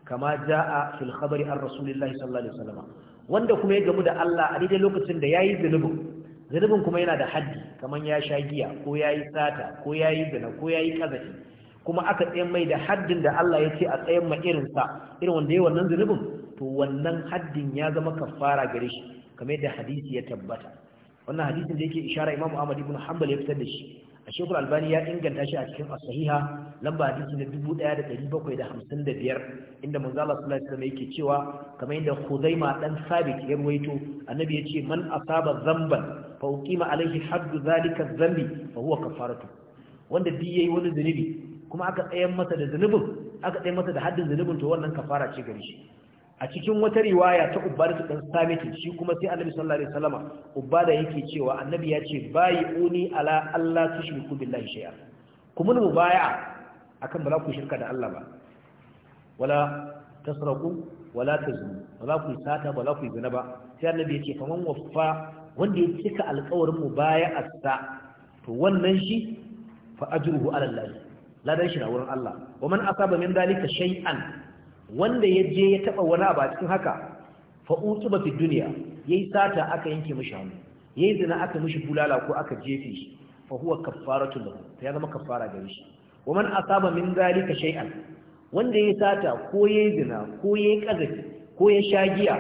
kama jaa fil khabari an rasulillahi sallallahu alaihi wasallam wanda kuma ya gamu da Allah a daidai lokacin da yayi zunubin zunubin kuma yana da haddi kaman ya sha giya ko yayi sata ko yi zina ko yayi kazafi kuma aka tsayen mai da haddin da Allah ya ce a tsayen ma irinsa irin wanda ya wannan zunubin to wannan haddin ya zama kafara gare shi kamar yadda hadisi ya tabbata wannan hadisin da yake ishara Imam Ahmad ibn Hanbal ya fitar da shi Ashokul Albani ya inganta shi a cikin As-Sahiha lamba hadisi na 1755 inda manzo Allah sallallahu alaihi wasallam yake cewa kamar da Khuzaima dan Sabit ya ruwaito annabi ce man asaba zamban fa uqima alaihi haddu zalika dhanbi fa huwa kafaratu wanda bi yayi wani zunubi kuma aka tsayar masa da zunubin aka tsayar masa da haddin zunubin to wannan kafara ce gare shi a cikin wata riwaya ta ubada ta dan samiti shi kuma sai annabi sallallahu alaihi wasallama ubada yake cewa annabi ya ce bayi uni ala Allah tushriku billahi shay'a kuma mu baya akan ba za ku shirka da Allah ba wala tasraku wala tazmu ba za ku sata ba za ku zina ba sai annabi ya ce kaman waffa wanda ya cika alƙawarin mu baya asa to wannan shi fa ajruhu ala Allah ladan shi na wurin Allah wa man asaba min dalika shay'an wanda ya je ya taba wani abu a cikin haka fa utuba fi dunya yayi sata aka yanke mishi hannu yayi zina aka mishi bulala ko aka jefe shi fa huwa kaffaratu lahu ya zama kaffara gare shi wa man asaba min zalika shay'an wanda ya sata ko yayi zina ko yayi kazafi ko ya shagiya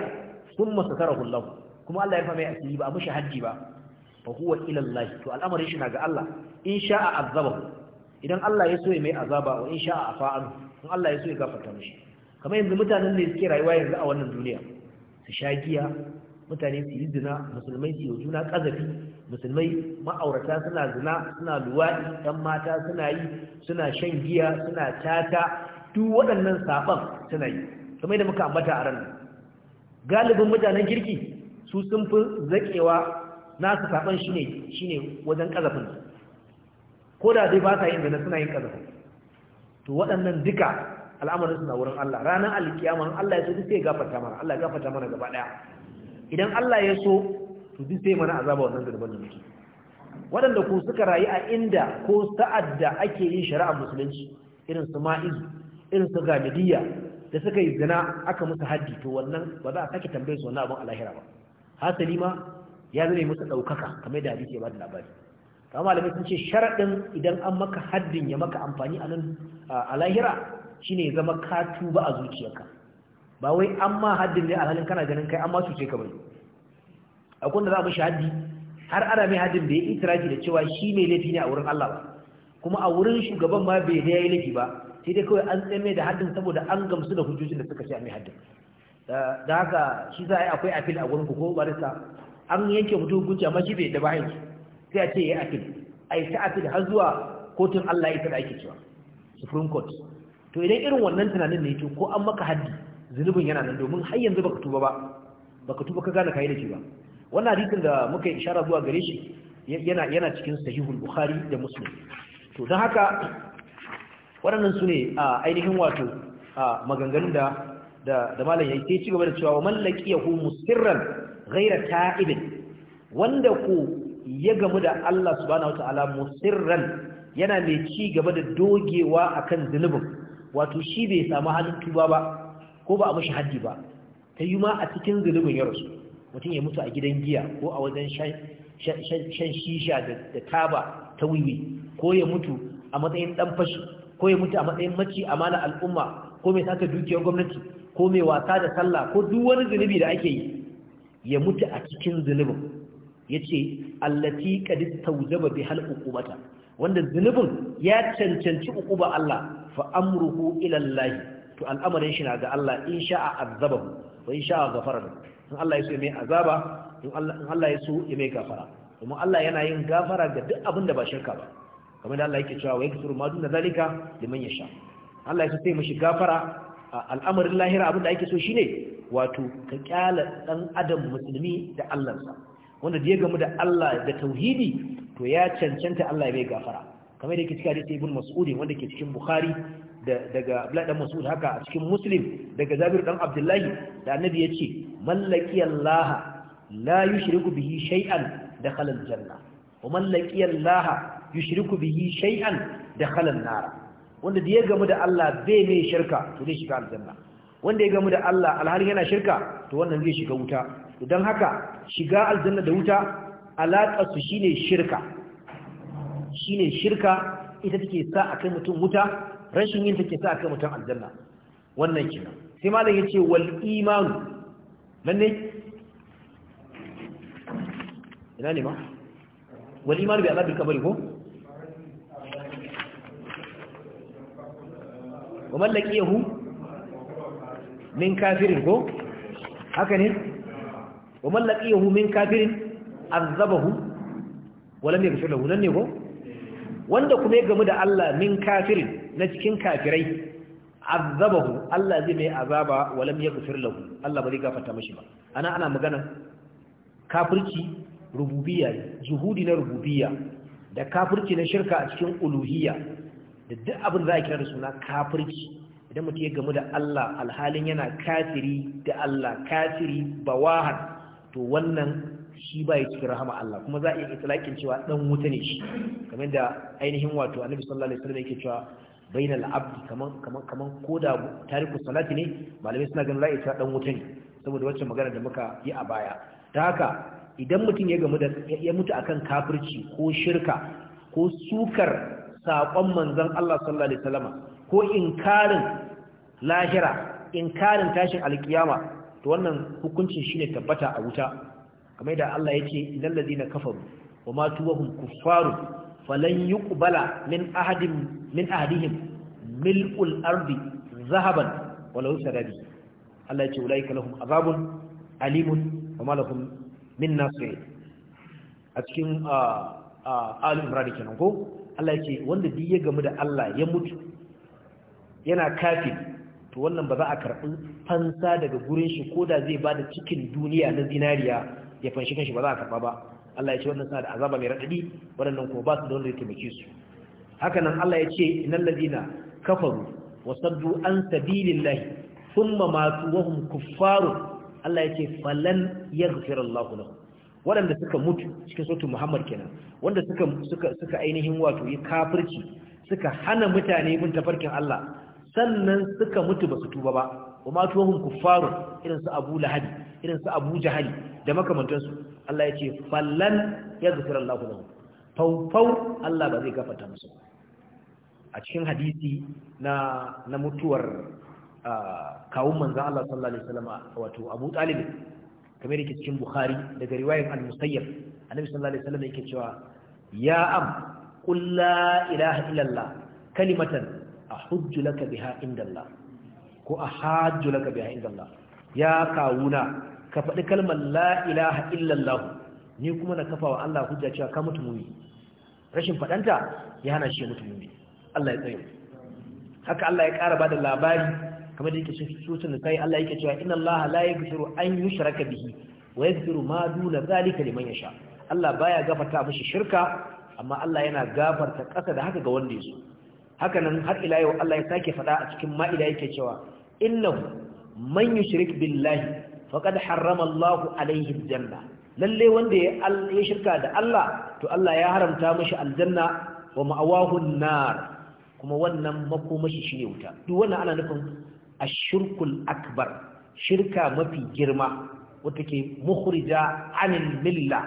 thumma satarahu Allah kuma Allah ya fa mai asiri ba mishi haji ba fa huwa ila Allah to al'amarin shi na ga Allah in sha'a azabahu idan Allah ya so ya mai azaba wa in sha'a afa'an in Allah ya so ya gafarta mishi kamar yanzu mutanen da suke rayuwa yanzu a wannan duniya su sha giya mutane su yi zina musulmai su yi juna kazafi musulmai ma'aurata suna zina suna luwaɗi ɗan mata suna yi suna shan giya suna tata duk waɗannan saɓan suna yi kamar da muka ambata a ranar galibin mutanen kirki su sun fi zaƙewa nasu saɓan shi ne shi ne wajen ƙazafin ko da dai ba sa yin zina suna yin ƙazafin to waɗannan duka al'amarin suna wurin Allah ranar alkiyama Allah ya so duk sai gafarta mana Allah ya gafarta mana gaba daya idan Allah ya so to duk sai mana azaba wannan zarban da muke waɗanda ku suka rayu a inda ko sa'ad da ake yin shari'a musulunci irin su ma'izu irin su gamidiyya da suka yi zina aka musu haddi to wannan ba za a sake tambayar su wannan abin alahira ba hasali ma ya zame musu ɗaukaka kamar da hadisi ya ba da labari Kamar malamai sun ce sharaɗin idan an maka haddin ya maka amfani a nan a lahira shine ya zama ka tuba a zuciyarka ba wai an ma haddin ne alhalin kana ganin kai an ma cuce ka bane akwai da za mu shahadi har ana mai haddin da ya itiraji da cewa shi ne laifi ne a wurin Allah ba kuma a wurin shugaban ma bai da yayi laifi ba sai dai kawai an tsame da haddin saboda an gamsu da hujjojin da suka ce a mai haddin da haka shi za a yi akwai apil a wurin ku ko barista an yanke mutum hukunci amma shi bai da bayan shi sai a ce ya yi apil a yi ta apil har zuwa kotun Allah ya ta da ake cewa supreme court to idan irin wannan tunanin ne to ko an maka haddi zunubin yana nan domin har yanzu baka tuba ba baka tuba ka gane kai da ke ba wannan hadisin da muka yi ishara zuwa gare shi yana yana cikin sahihul bukhari da muslim to dan haka waɗannan su ne a ainihin wato maganganun da da malam yayi sai ci gaba da cewa wa mallaqiyahu musirran ghayra ta'ibin wanda ku ya gamu da Allah subhanahu wataala musirran yana mai ci gaba da dogewa akan zunubin wato shi bai samu halin tuba ba ko ba a mashi haddi ba ta yi ma a cikin zunubin ya mutum ya mutu a gidan giya ko a wajen shan shisha da taba ta wiwi ko ya mutu a matsayin dan fashi ko ya mutu a matsayin maci mana al'umma ko mai saka dukiyar gwamnati ko mai wasa da sallah ko duk wani zunubi da ake yi ya mutu a cikin zunubin yace allati qad tawzaba bihal uqubata wanda zunubin ya cancanci uquba Allah fa amruhu ila Allah to al'amarin shi na ga Allah in sha'a azabahu wa in sha'a ghafara in Allah ya so mai azaba in Allah ya so ya mai gafara kuma Allah yana yin gafara ga duk abin da ba shirka ba kamar da Allah yake cewa wa yaghfiru ma dun zalika liman yasha Allah ya so sai mishi gafara al'amarin lahira abin da ake so shine wato ka kyala dan adam musulmi da Allah wanda da ya gamu da Allah da tauhidi to ya cancanta Allah bai gafara kamar da yake cikin hadisi ibn mas'ud wanda ke cikin bukhari daga abdullah dan mas'ud haka a cikin muslim daga jabir dan abdullahi da annabi yace mallaki Allah la yushriku bihi shay'an dakhala aljanna wa mallaki Allah yushriku bihi shay'an dakhala an-nar wanda da ya gamu da Allah bai mai shirka to zai shiga aljanna wanda ya gamu da Allah alhali yana shirka to wannan zai shiga wuta idan haka shiga aljanna da wuta alaƙa su ne shirka ne shirka ita take sa kai mutum wuta rashin yin take sa kai mutum aljanna wannan kina sai malam yace wal imanu nan ne ina ne ma wal imanu bai azabil kabari ko wa mallaki yahu min kafirin ko haka ne wa mallaki yahu min kafirin azabahu walam yaghfir lahu nan ne ko wanda kuma ya gamu da Allah min kafirin na cikin kafirai azabahu Allah zai mai azaba walam yaghfir lahu Allah ba zai gafarta mashi ba ana ana magana kafirci rububiyya juhudi na rububiyya da kafirci na shirka a cikin uluhiyya da duk abin za a kira da suna kafirci idan mutum ya gamu da Allah alhalin yana kafiri da Allah kafiri bawahan to wannan shi ba ya cikin rahama Allah kuma za a iya itlaqin cewa dan wuta ne shi kamar da ainihin wato Annabi sallallahu alaihi wasallam yake cewa bainal abdi kaman kaman kaman koda tariku salati ne malamai suna ganin ra'ayi ta dan wuta ne saboda wacce magana da muka yi a baya ta haka idan mutum ya gamu da ya mutu akan kafirci ko shirka ko sukar saƙon manzon Allah sallallahu alaihi wasallam ko inkarin lahira inkarin tashin alkiyama to wannan hukuncin shine tabbata a wuta kamar da Allah ya ce idan ladina kafaru wa matu wa hum kuffaru falan yuqbala min ahadin min ahadihim mil'ul ardi zahaban wala walau sadabi Allah ya ce wula ulaika lahum azabun alimun wa ma lahum min nasir a cikin Ali Imran kenan ko Allah ya ce wanda biye ya da Allah ya mutu yana kafin to wannan ba za a karɓi fansa daga gurin shi ko da zai ba da cikin duniya na zinariya ya fanshi kanshi ba za a karba ba Allah ya ce wannan suna da azaba mai raɗaɗi waɗannan ko ba su da wanda ya taimake su haka nan Allah ya ce innal ladina kafaru wa saddu an sabilillahi thumma matu wa hum kuffaru Allah ya ce falan yaghfir Allah lahum waɗanda suka mutu cikin sautu Muhammad kenan wanda suka suka suka ainihin wato yi kafirci suka hana mutane bin tafarkin Allah sannan suka mutu ba su tuba ba wa matu wa hum kuffaru irin su Abu irin su Abu Jahali da makamantansu Allah ya ce fallan ya zukura Allah lahu faufau Allah ba zai gafata musu a cikin hadisi na mutuwar kawun manzon Allah sallallahu alaihi wasallam wato Abu Talib kamar yake cikin Bukhari daga riwayar al musayyar Annabi sallallahu alaihi wasallam yake cewa ya am kulla la ilaha illallah kalimatan a laka biha indallah ko ahajju laka biha indallah ya kawuna ka faɗi kalmar la'ilaha illallahu. ni kuma na kafa wa Allah hujja cewa ka mutu muni. rashin faɗanta ya hana shi mutu muni. Allah ya tsaye haka Allah ya ƙara bada labari kamar da yake sutun da kai Allah yake cewa inna Allah la yaghfiru an yushraka bihi wa yaghfiru ma duna zalika liman yasha Allah baya gafarta mishi shirka amma Allah yana gafarta ƙasa da haka ga wanda ya haka nan har ila yau Allah ya sake faɗa a cikin ma'ida yake cewa innahu man yushrik billahi faqad harramallahu alaihi aljanna lalle wanda ya shirka da Allah to Allah ya haramta mashi aljanna wa ma'awahu nar kuma wannan makomashi shi wuta duk wannan ana nufin ashirkul akbar shirka mafi girma wata ke mukhrija anil milla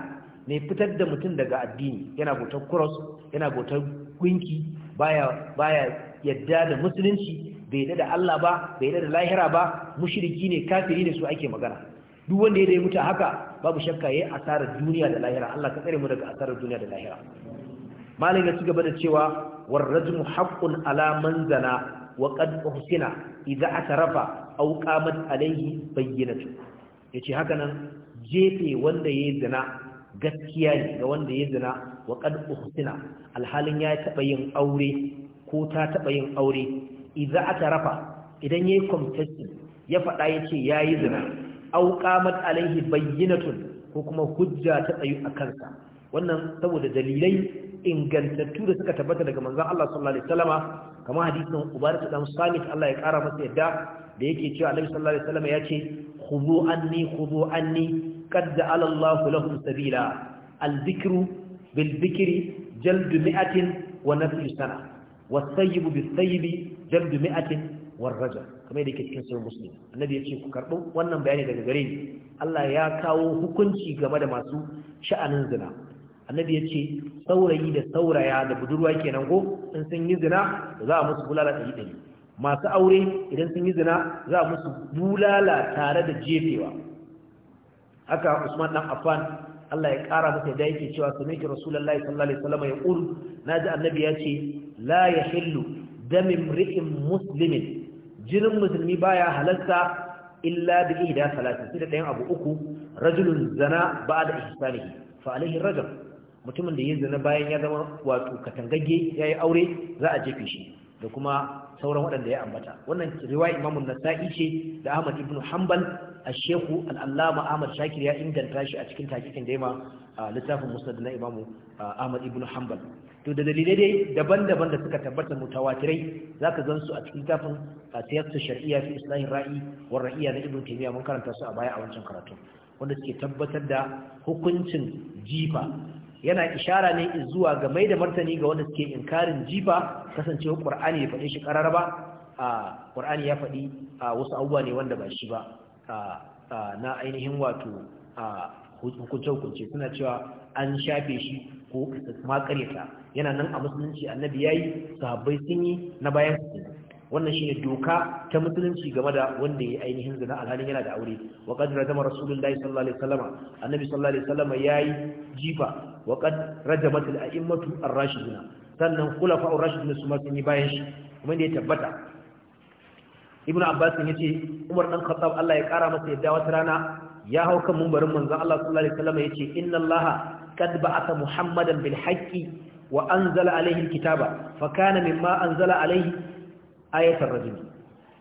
ne fitar da mutum daga addini yana bautar cross yana bautar gunki baya baya yadda da musulunci bai da Allah ba bai da lahira ba mushriki ne kafiri ne su ake magana duk wanda ya dai mutu haka babu shakka yayi asarar duniya da lahira Allah ka tsare mu daga asarar duniya da lahira malam ya ci gaba da cewa war rajmu haqqun ala man zana wa qad uhsina idza atarafa aw qamat alayhi bayyinatu yace haka nan jefe wanda yayi zina gaskiya ne ga wanda yayi zina wa qad uhsina alhalin ya taba yin aure ko ta taba yin aure idza atarafa idan yayi confession ya faɗa yace yayi zina aw qamat alaihi bayyinatun ko kuma hujja ta tsayu a kansa wannan saboda dalilai ingantattu da suka tabbata daga manzon Allah sallallahu alaihi wasallama kamar hadisin Ubadah dan Samit Allah ya kara masa yadda da yake cewa Annabi sallallahu alaihi wasallama yace khudu anni khudu anni qad ja'ala Allahu lahum sabila al-dhikru bil dhikri jaldu mi'atin wa nafyu sana والطيب بالطيب جلد مئة والرجل كما يدي كتكين سير مسلم wannan يتشي daga gare ni. Allah ya kawo hukunci كاو da masu sha'anin zina. Annabi النبي يتشي saurayi da sauraya da budurwa kenan ko in sun yi zina za a musu bulala ɗari ɗari masu aure idan sun yi zina za a musu bulala tare da jefewa haka usman dan affan Allah ya ƙara masa da yake cewa su miki rasulullahi sallallahu alaihi wasallam ya qul naji annabi ya ce la hillu damin ri'in musulmin. jinin musulmi baya halarta illa bi ihda salatin sai da ɗayan abu uku rajulun zana ba'da ihsanihi fa alaihi rajul mutumin da ya zina bayan ya zama wato katangagge yi aure za a jefe shi da kuma sauran waɗanda ya ambata wannan riwaya Imam Nasa'i ce da Ahmad ibn Hanbal a sheku al Ahmad Shakir ya inganta shi a cikin takikin da ma littafin Musnad na Imam Ahmad ibn Hanbal to da dalilai dai daban-daban da suka tabbata mutawatirai zaka gan su a cikin littafin siyasar shari'a fi islahin ra'i wa ra'iyya na Ibn taimiyya mun karanta su a baya a wancan karatu wanda suke tabbatar da hukuncin jifa yana ishara ne zuwa ga mai da martani ga wanda suke inkarin jifa kasancewar ƙwar'ani ya faɗe shi ƙarar ba a ƙwar'ani ya faɗi a wasu abubuwa ne wanda ba shi ba na ainihin wato a hukunce hukunce suna cewa an shafe shi ko ma yana nan a musulunci annabi yi sahabbai sun yi na bayan su wannan shine doka ta musulunci game da wanda ya ainihin zina alhalin yana da aure wa qad rajama rasulullahi sallallahu alaihi wasallam annabi sallallahu alaihi wasallam yayi jifa wa qad rajamat al a'immatu ar-rashiduna sannan khulafa ar-rashiduna su ma sun yi bayan shi kuma ne tabbata ibnu abbas ne yace umar dan khattab Allah ya kara masa yadda wata rana ya hau kan mumbarin manzon Allah sallallahu alaihi wasallam yace inna allaha qad ba'atha muhammadan bil haqqi wa anzala alaihi kitaba fa kana mimma anzala alaihi ayatar rajuli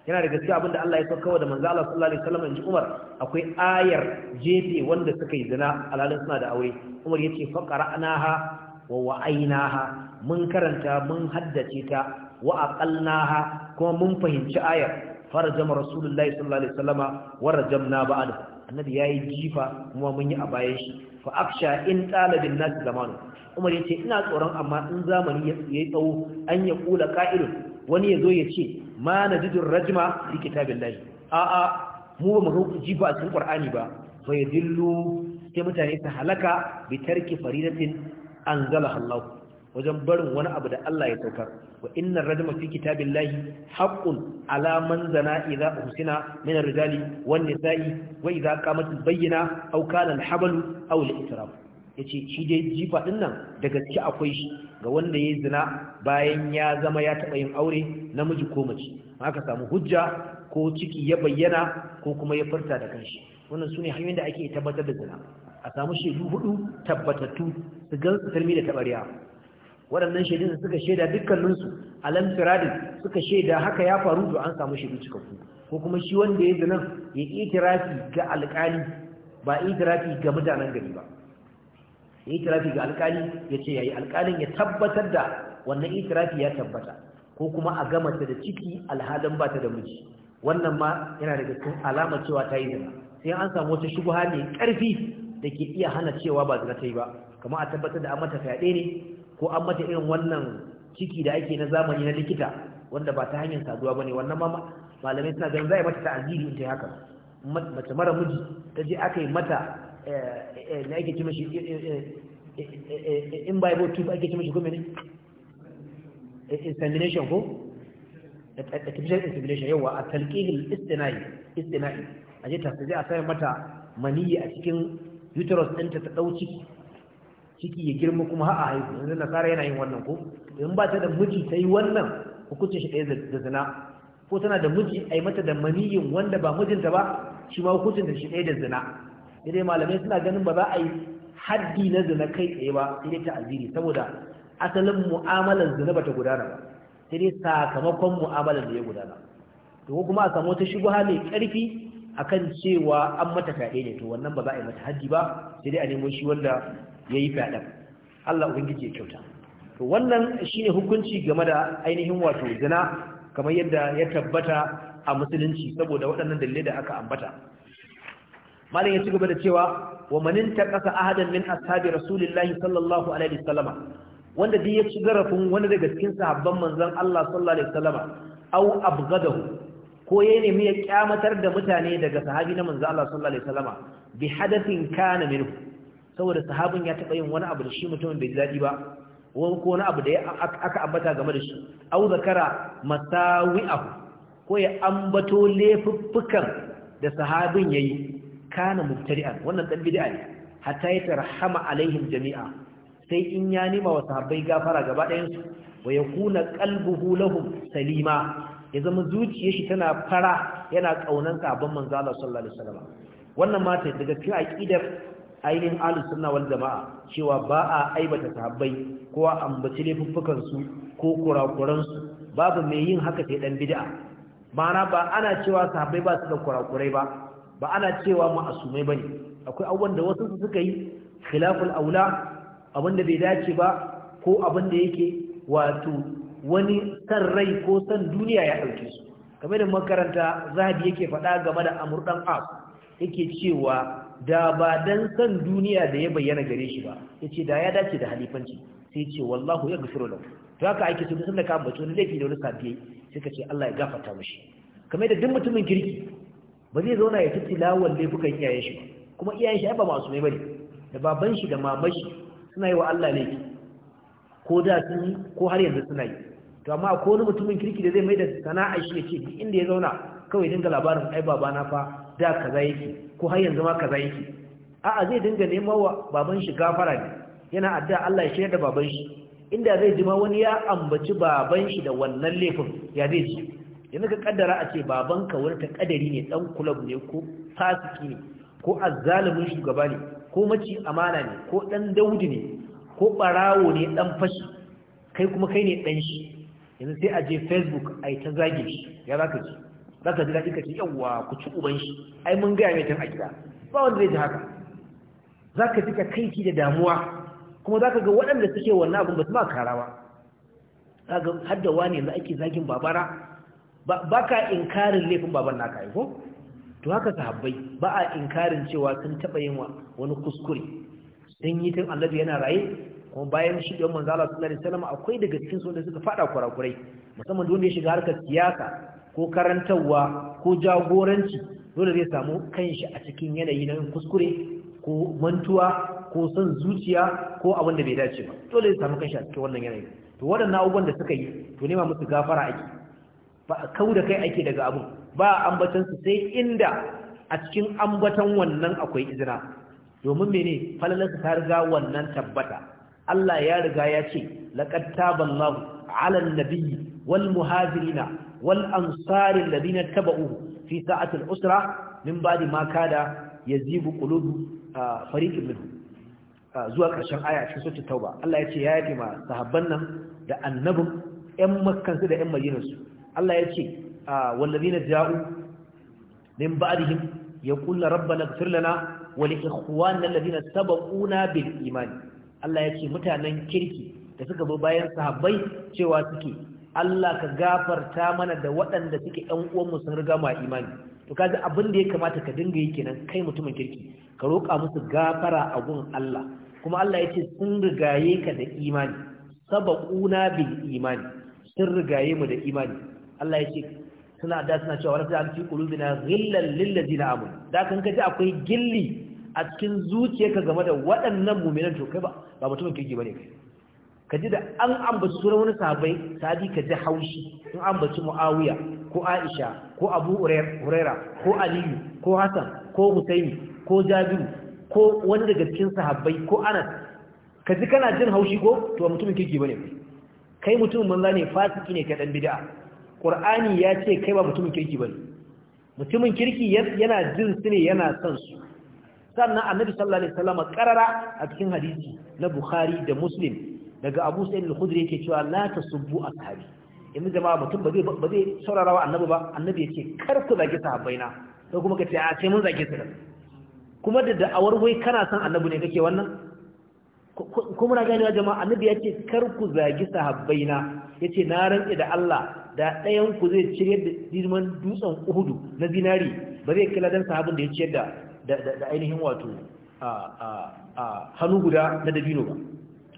yana da gaske abinda Allah ya sauka da manzo Allah sallallahu alaihi wasallam inji Umar akwai ayar jefe wanda suka yi zina alalin suna da aure Umar yace fa qara'naha wa wa'aynaha mun karanta mun haddace ta wa aqalnaha kuma mun fahimci ayar farajam rasulullahi sallallahu alaihi wasallama wa rajamna ba'da annabi yayi jifa kuma mun yi a bayan shi fa aksha in talabin nas zamanu Umar yace ina tsoron amma in zamani ya tsawo an ya kula qa'ilun wani ya zo ya ce ma na jidin rajima fi kitabin lahi a'a mu ba mu ji ba a cikin qur'ani ba fa yadillu sai mutane su halaka bi tarki faridatin anzalaha Allah wajen barin wani abu da Allah ya saukar wa innar rajma fi kitabillahi haqqun ala man zana idza husina, min ar-rijali wan nisa'i wa idza qamat bayyina aw kana al-hablu aw al-israf ya ce shi dai jifa ɗin nan da gaske akwai shi ga wanda ya yi zina bayan ya zama ya taɓa yin aure namiji ko mace aka samu hujja ko ciki ya bayyana ko kuma ya furta da kanshi wannan su ne hanyoyin da ake tabbatar da zina a samu shaidu hudu tabbatattu su gan su tarmi da taɓarya. waɗannan shaidun suka shaida dukkaninsu a lamfiradin suka shaida haka ya faru to an samu shaidu cikakku ko kuma shi wanda ya zina ya ƙi itirafi ga alƙali ba itirafi ga mutanen gari ba ya yi tirafi ga alkali ya ce ya yi alkalin ya tabbatar da wannan itirafi ya tabbata ko kuma a gama ta da ciki alhalin ba ta da miji wannan ma yana daga cikin alama cewa ta yi zina sai an samu wata shubuha mai karfi da ke iya hana cewa ba zina ta yi ba kamar a tabbatar da an mata fyaɗe ne ko an mata irin wannan ciki da ake na zamani na likita wanda ba ta hanyar saduwa ba ne wannan ma malamai suna ganin za a yi mata ta'aziri in ta yi haka mace mara miji ta je aka yi mata Eh, eh, na ake ci mashi eh, in bible tube ake ci mashi kuma ne insemination ko artificial insemination yawa a talqihil istina'i istina'i aje ta sai a sayar mata maniyi a cikin uterus ɗinta ta ɗau ciki ciki ya girma kuma ha'a haihu yanzu nasara yana yin wannan ko in ba ta da miji ta yi wannan hukuncin shi ɗaya da zina ko tana da miji a yi mata da maniyin wanda ba mijinta ba shi ma hukuncin da shi ɗaya da zina dai malamai suna ganin ba za a yi haddi na zina kai tsaye ba sai dai ta'aziri saboda asalin mu'amalar zina bata gudana ba sai dai sakamakon mu'amalar da ya gudana to ko kuma a samu ta shigo mai karfi akan cewa an mata fyaɗe ne to wannan ba za a yi mata haddi ba sai dai a nemo shi wanda yayi fyaɗen Allah ubangiji ya kyauta to wannan shine hukunci game da ainihin wato zina kamar yadda ya tabbata a musulunci saboda waɗannan dalilai da aka ambata malam ya ci gaba da cewa wa manin ta kasa ahadan min ashabi rasulillahi sallallahu alaihi wasallam wanda duk ya ci zarafin wani daga cikin sahabban manzon Allah sallallahu alaihi wasallam aw abghadahu ko ya nemi ya kyamatar da mutane daga sahabi na manzon Allah sallallahu alaihi wasallam bi hadathin kana minhu saboda sahabin ya taba yin wani abu da shi mutumin bai dadi ba ko wani abu da aka ambata game da shi aw zakara masawi'ahu ko ya ambato laifuffukan da sahabin yayi kana mubtadi'an wannan dan bid'a ne hatta ya rahama alaihim jami'a sai in ya nima wa sahabbai gafara gaba ɗayan su wa yakuna qalbuhu lahum salima ya zama zuciyar shi tana fara yana kaunan sabon manzo Allah sallallahu alaihi wasallam wannan ma ta daga cikin aqidar ainihin ahlus sunna wal jama'a cewa ba a aibata sahabbai ko a ambaci lafuffukan su ko kurakuran su babu mai yin haka sai dan bid'a ma'ana ba ana cewa sahabbai ba su da kurakurai ba ba ana cewa ma'asumai ne. akwai abubuwan da wasu suka yi khilaful aula abin da bai dace ba ko abin da yake wato wani san rai ko san duniya ya dauke su kamar da makaranta zahabi yake faɗa game da amurɗan af yake cewa da ba dan san duniya da ya bayyana gare shi ba yace da ya dace da halifanci sai ce wallahu ya gafiro lahu to haka ake so sun da ka ambaci ne laifi da wani sabiye sai ka ce Allah ya gafarta mashi kamar da duk mutumin kirki ba zai zauna ya ci tilawar laifukan iyayen shi kuma iyayen shi ba masu mai bari. da baban shi da maman shi suna yi wa Allah laifi ko da sun yi ko har yanzu suna yi to amma akwai wani mutumin kirki da zai mai da sana'a shi ya ce inda ya zauna kawai dinga labarin ai baba na fa da kaza yake ko har yanzu ma kaza yake a'a zai dinga neman wa baban shi gafara ne yana addu'a Allah ya shirya da baban shi inda zai ji ma wani ya ambaci baban shi da wannan laifin ya zai ji yanzu ka kaddara a ce babanka wani ta kadari ne dan kulab ne ko fasiki ne ko azzalumin shugaba ne ko maci amana ne ko dan daudi ne ko barawo ne dan fashi kai kuma kai ne dan shi yanzu sai a je facebook yi ta zage shi ya za ka ji za ka ji za ka ce yawwa ku ci uban shi ai mun gaya mai tun a gida ba wanda zai ji haka za ka ji ka ki da damuwa kuma za ka ga waɗanda suke wannan abin ba su ma karawa za ga haddawa wani yanzu ake zagin babara ba ka inkarin laifin baban naka yi ko to haka sahabbai ba a inkarin cewa sun taɓa yin wani kuskure sun yi tun annabi yana raye kuma bayan shi ɗan manzo Allah sallallahu alaihi akwai daga cikin su wanda suka fada kurakurai musamman don ya shiga harkar siyasa ko karantarwa ko jagoranci dole zai samu kanshi a cikin yanayi na kuskure ko mantuwa ko son zuciya ko abin da bai dace ba dole zai samu kanshi a cikin wannan yanayi to waɗannan abubuwan da suka yi to nema musu gafara ake ba kau da kai ake daga abun ba ambatan su sai inda a cikin ambatan wannan akwai izina domin mene falalarsa ta riga wannan tabbata Allah ya riga ya ce laqad taballahu 'alan nabiyyi wal muhajirina wal ansari alladhina tabauhu fi sa'ati al-usra min ba'di ma kada yazibu qulubu ah, fariqin minhum ah, zuwa ƙarshen aya cikin sautin tauba Allah ya ce ya yi ma sahabban nan da annabin ƴan makkansu da ƴan madinansu. Allah ya ce ah, wallazina ja'u min ba'dihim yaquluna rabbana ighfir lana wa li ikhwanina alladhina sabaquna bil iman Allah ya ce mutanen kirki da suka zo bayan sahabbai cewa suke Allah ka gafarta mana da waɗanda suke ɗan mu sun riga ma imani to kaji abin da ya kamata ka dinga yi kenan kai mutumin kirki ka roƙa musu gafara a gun Allah kuma Allah ya ce sun rigaye ka da imani sabaquna bil imani sun rigaye mu da imani Allah ya ce suna da suna cewa wani an fi na, gillan lilla ladina amu. da kan kaji akwai gilli a cikin zuciyarka game da waɗannan mu'minan to kai ba ba mutumin kirki bane kai kaji da an ambaci sunan wani sahabai sahabi kaji haushi in ambaci muawiya ko aisha ko abu huraira ko aliyu ko hasan ko husaini ko jabiru ko wani daga cikin sahabbai ko anas kaji kana jin haushi ko to mutumin kirki bane kai kai mutumin manza ne fasiki ne ka dan bid'a ƙur'ani ya ce kai ba mutumin kirki ba ne mutumin kirki yana jin su ne yana son su sannan annabi sallallahu alaihi wasallam karara a cikin hadisi na bukhari da muslim daga abu sa'id al-khudri yake cewa la tasubbu ashabi yanzu jama'a mutum ba zai ba zai saurara wa annabi ba annabi yake kar ku zage sahabbaina ko kuma kace a sai mun zage su kuma da da'awar wai kana san annabi ne kake wannan kuma na gani jama'a annabi yake kar ku zage sahabbaina yace na rantsi da Allah da ɗayan ku zai cire da girman dutsen uhudu na zinari ba zai kila don sahabin da ya ciyar da ainihin wato a hannu guda na dabino ba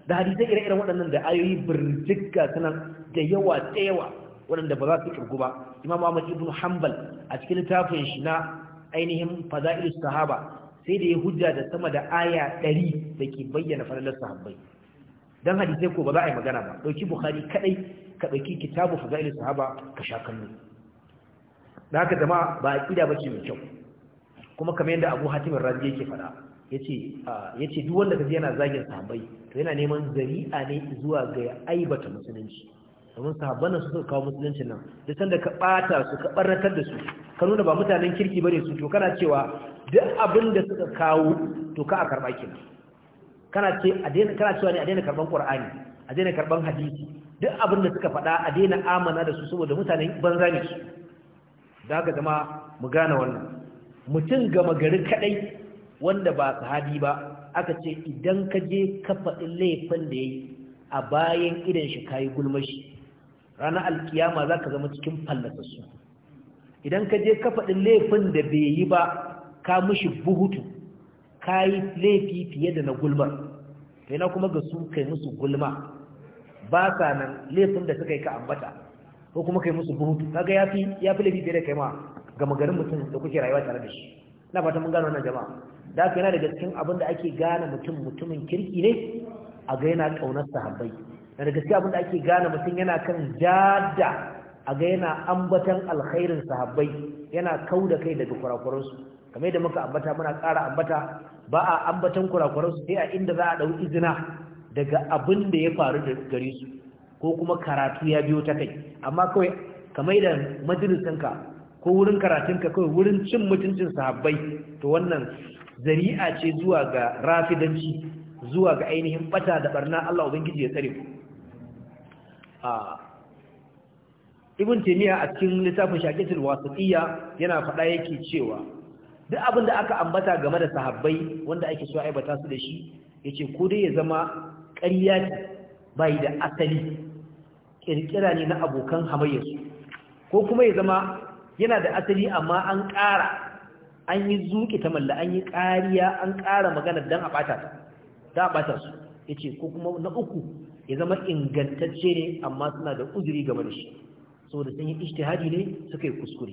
da hadisai ire-iren waɗannan da ayoyi birjikka sanan da yawa ta yawa waɗanda ba za su kirgu ba imam ahmad ibn hanbal a cikin littafin shi na ainihin fada'il sahaba sai da ya hujja da sama da aya ɗari da ke bayyana fadalar sahabbai dan hadisai ko ba za a yi magana ba dauki bukhari kaɗai. ka ɗauki kitabu fadailin sahaba ka sha kallo da haka zama ba a ƙida ba ce mai kyau kuma kamar yadda abu hatimin razi yake faɗa ya ce ah, duk wanda ka yana zagin sahabai to yana neman zari'a ne zuwa ga aibata musulunci domin sahabban su suka kawo musuluncin nan duk sanda ka ɓata su ka ɓarnatar da su ka nuna ba mutanen kirki bane su to kana cewa duk abin da suka kawo to ka a karɓa kina. kana ce a daina kana cewa ne a daina karɓan qur'ani a daina karɓan hadisi duk abin da suka faɗa a daina amana da su saboda mutane banza ne su da haka zama mu gane wannan mutum gama gari kaɗai wanda ba sahabi ba aka ce idan ka je ka faɗi laifin da ya yi a bayan idan shi kayi gulmashi ranar alkiyama za ka zama cikin fallasassu idan ka je ka faɗi laifin da bai yi ba ka mushi buhutu ka yi laifi fiye da na gulmar kai na kuma ga su kai musu gulma ba sa nan laifin da suka yi ka ambata ko kuma kai musu buhutu kaga yafi yafi laifi da kai ma ga magarin mutum da kuke rayuwa tare da shi ina fata mun gano wannan jama'a da ka yana daga cikin abin da ake gane mutum mutumin kirki ne a ga yana kaunar sahabbai da gaskiya abin da ake gane mutum yana kan jada a ga yana ambatan alkhairin sahabbai yana kau da kai daga kurakuransu kamar yadda muka ambata muna ƙara ambata ba a ambatan kurakuransu sai a inda za a ɗau izina daga abin da ya faru da gare su ko kuma karatu ya biyo ta kai amma kawai kamar da majalisinka ko wurin karatunka kawai wurin cin mutuncin sahabbai to wannan zari'a ce zuwa ga rafidanci zuwa ga ainihin bata da barna Allah ubangiji ya tsare ku ibn taymiya a cikin littafin shaqiqul wasatiyya yana faɗa yake cewa duk abin da aka ambata game da sahabbai wanda ake so a aibata su da shi yace ko dai ya zama ƙarya ce bai da asali ƙirƙira ne na abokan hamayyarsu ko kuma ya zama yana da asali amma an ƙara an yi zuƙi ta malla an yi ƙariya an ƙara magana don a ɓata su ya ce ko kuma na uku ya zama ingantacce ne amma suna da uzuri game da shi saboda sun yi ishtihadi ne suka yi kuskure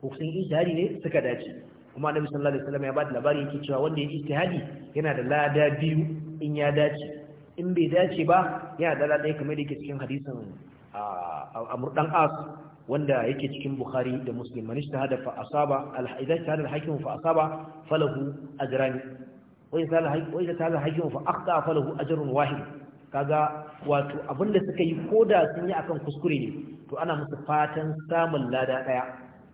ko sun yi ishtihadi ne suka dace kuma annabi sallallahu alaihi wasallam ya ba da labari yake cewa wanda ya ishtihadi yana da lada biyu in ya dace in bai dace ba yana dala ɗaya kamar da yake cikin hadisin a dan as wanda yake cikin bukhari da muslim man ishtahada fa asaba al-idha ishtahada al-hakim falahu ajran wa idha ishtahada al-hakim falahu ajrun wahid kaga wato abinda suka yi koda sun yi akan kuskure ne to ana musu fatan samun lada daya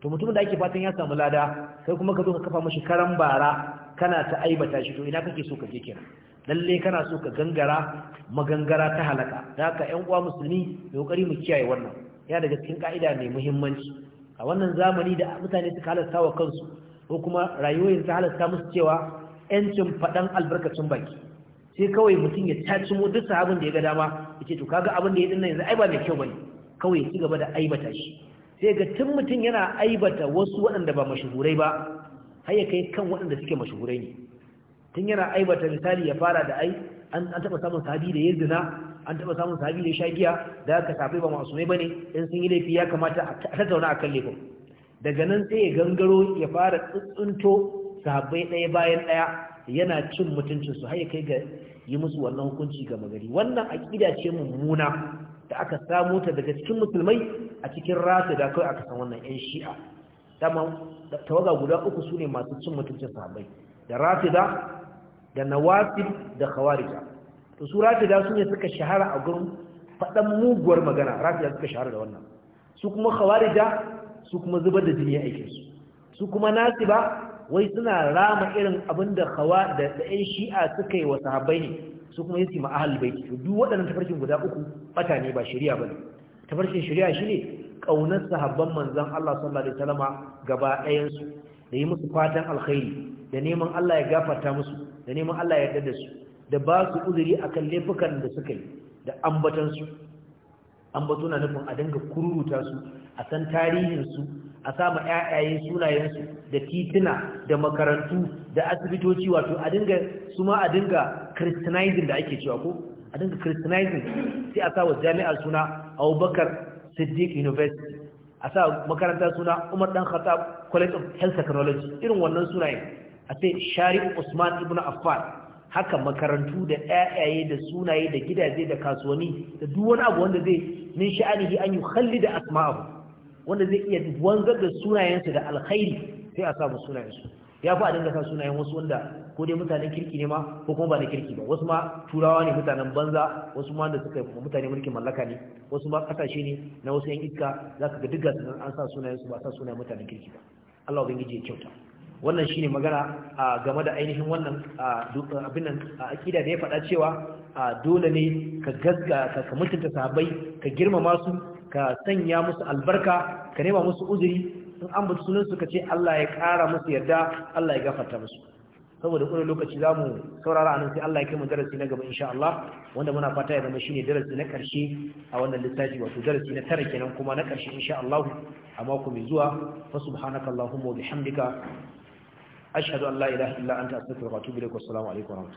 to mutumin da ake fatan ya samu lada kai kuma ka zo ka kafa mashi karan bara kana ta aibata shi to ina kake so ka je kenan lalle kana so ka gangara magangara ta halaka da haka ƴan uwa musulmi mai kokari mu kiyaye wannan ya daga cikin ka'ida mai muhimmanci a wannan zamani da mutane suka halarta wa kansu ko kuma rayuwar ta halarta musu cewa 'yancin faɗan albarkacin baki sai kawai mutum ya taci mu duk sahabin da ya ga dama yace to kaga abin da ya dinna yanzu ai ba mai kyau bane kawai ya ci gaba da aibata shi sai ga tun mutum yana aibata wasu waɗanda ba mashuhurai ba har ya kai kan waɗanda suke mashuhurai ne tun yana aibata misali ya fara da ai an taɓa samun sahabi da ya zina an taɓa samun sahabi da ya sha giya da aka sahabai ba masu ba ne in sun yi laifi ya kamata a tattauna kan laifin daga nan sai ya gangaro ya fara tsuntsunto sahabbai ɗaya bayan ɗaya yana cin mutuncinsu har ya kai ga yi musu wannan hukunci ga magari wannan aƙida ce mummuna da aka samu ta daga cikin musulmai a cikin rasu da kawai aka san wannan 'yan shi'a dama tawaga guda uku su ne masu cin mutuncin sahabbai da rasu da da nawasib da khawarija to su rafida su ne suka shahara a gurin faɗan muguwar magana rafida suka shahara da wannan su kuma khawarija su kuma zubar da jini aikinsu su kuma nasiba wai suna rama irin abin da khawa da ɗan shi'a suka yi wa sahabbai ne su kuma yasi ma ahal baiti to duk waɗannan tafarkin guda uku bata ne ba shari'a bane tafarkin shari'a shine kaunar sahabban manzon Allah sallallahu alaihi wasallama gaba ɗayan su da yi musu fatan alkhairi da neman Allah ya gafarta musu da neman Allah ya yarda da su da ba su uzuri akan laifukan da suka yi da ambatan su na nufin a dinga kururuta su a san tarihin su a sama ƴaƴaye sunayen su da titina, da makarantu da asibitoci wato a dinga su ma a dinga christianizing da ake cewa ko a dinga christianizing sai a sa wa jami'ar suna Abubakar Siddiq University a sa makaranta suna Umar Dan Khattab College of Health Technology irin wannan sunayen a ce shari usman ibn affan haka makarantu da ƴaƴaye da sunaye da gidaje da kasuwanni da duk wani abu wanda zai min sha'anihi an yukhalli da asma'ahu wanda zai iya wanzar da sunayensu da alkhairi sai a samu sunayensu ya fa a dinga sa sunayen wasu wanda ko dai mutanen kirki ne ma ko kuma ba na kirki ba wasu ma turawa ne mutanen banza wasu ma da suka kuma mutane mulkin mallaka ne wasu ma kasashe ne na wasu yan iska za ga duk gasu an sa sunayen su ba sa sunayen mutanen kirki ba Allah ubangiji ya kyauta wannan shi ne magana a game da ainihin wannan abin nan a akida da ya faɗa cewa dole ne ka gaska ka mutunta sahabbai ka girmama su ka sanya musu albarka ka nema musu uzuri in an bata sunan suka ce Allah ya kara musu yarda Allah ya gafarta musu saboda kuma lokaci za mu saurara anan sai Allah ya kai mu darasi na gaba insha Allah wanda muna fata ya zama shine darasi na karshe a wannan littafi wato darasi na tara kenan kuma na karshe insha Allah a mako mai zuwa fa subhanakallahumma wa bihamdika ashhadu an la ilaha illa anta astaghfiruka wa atubu wa assalamu alaikum wa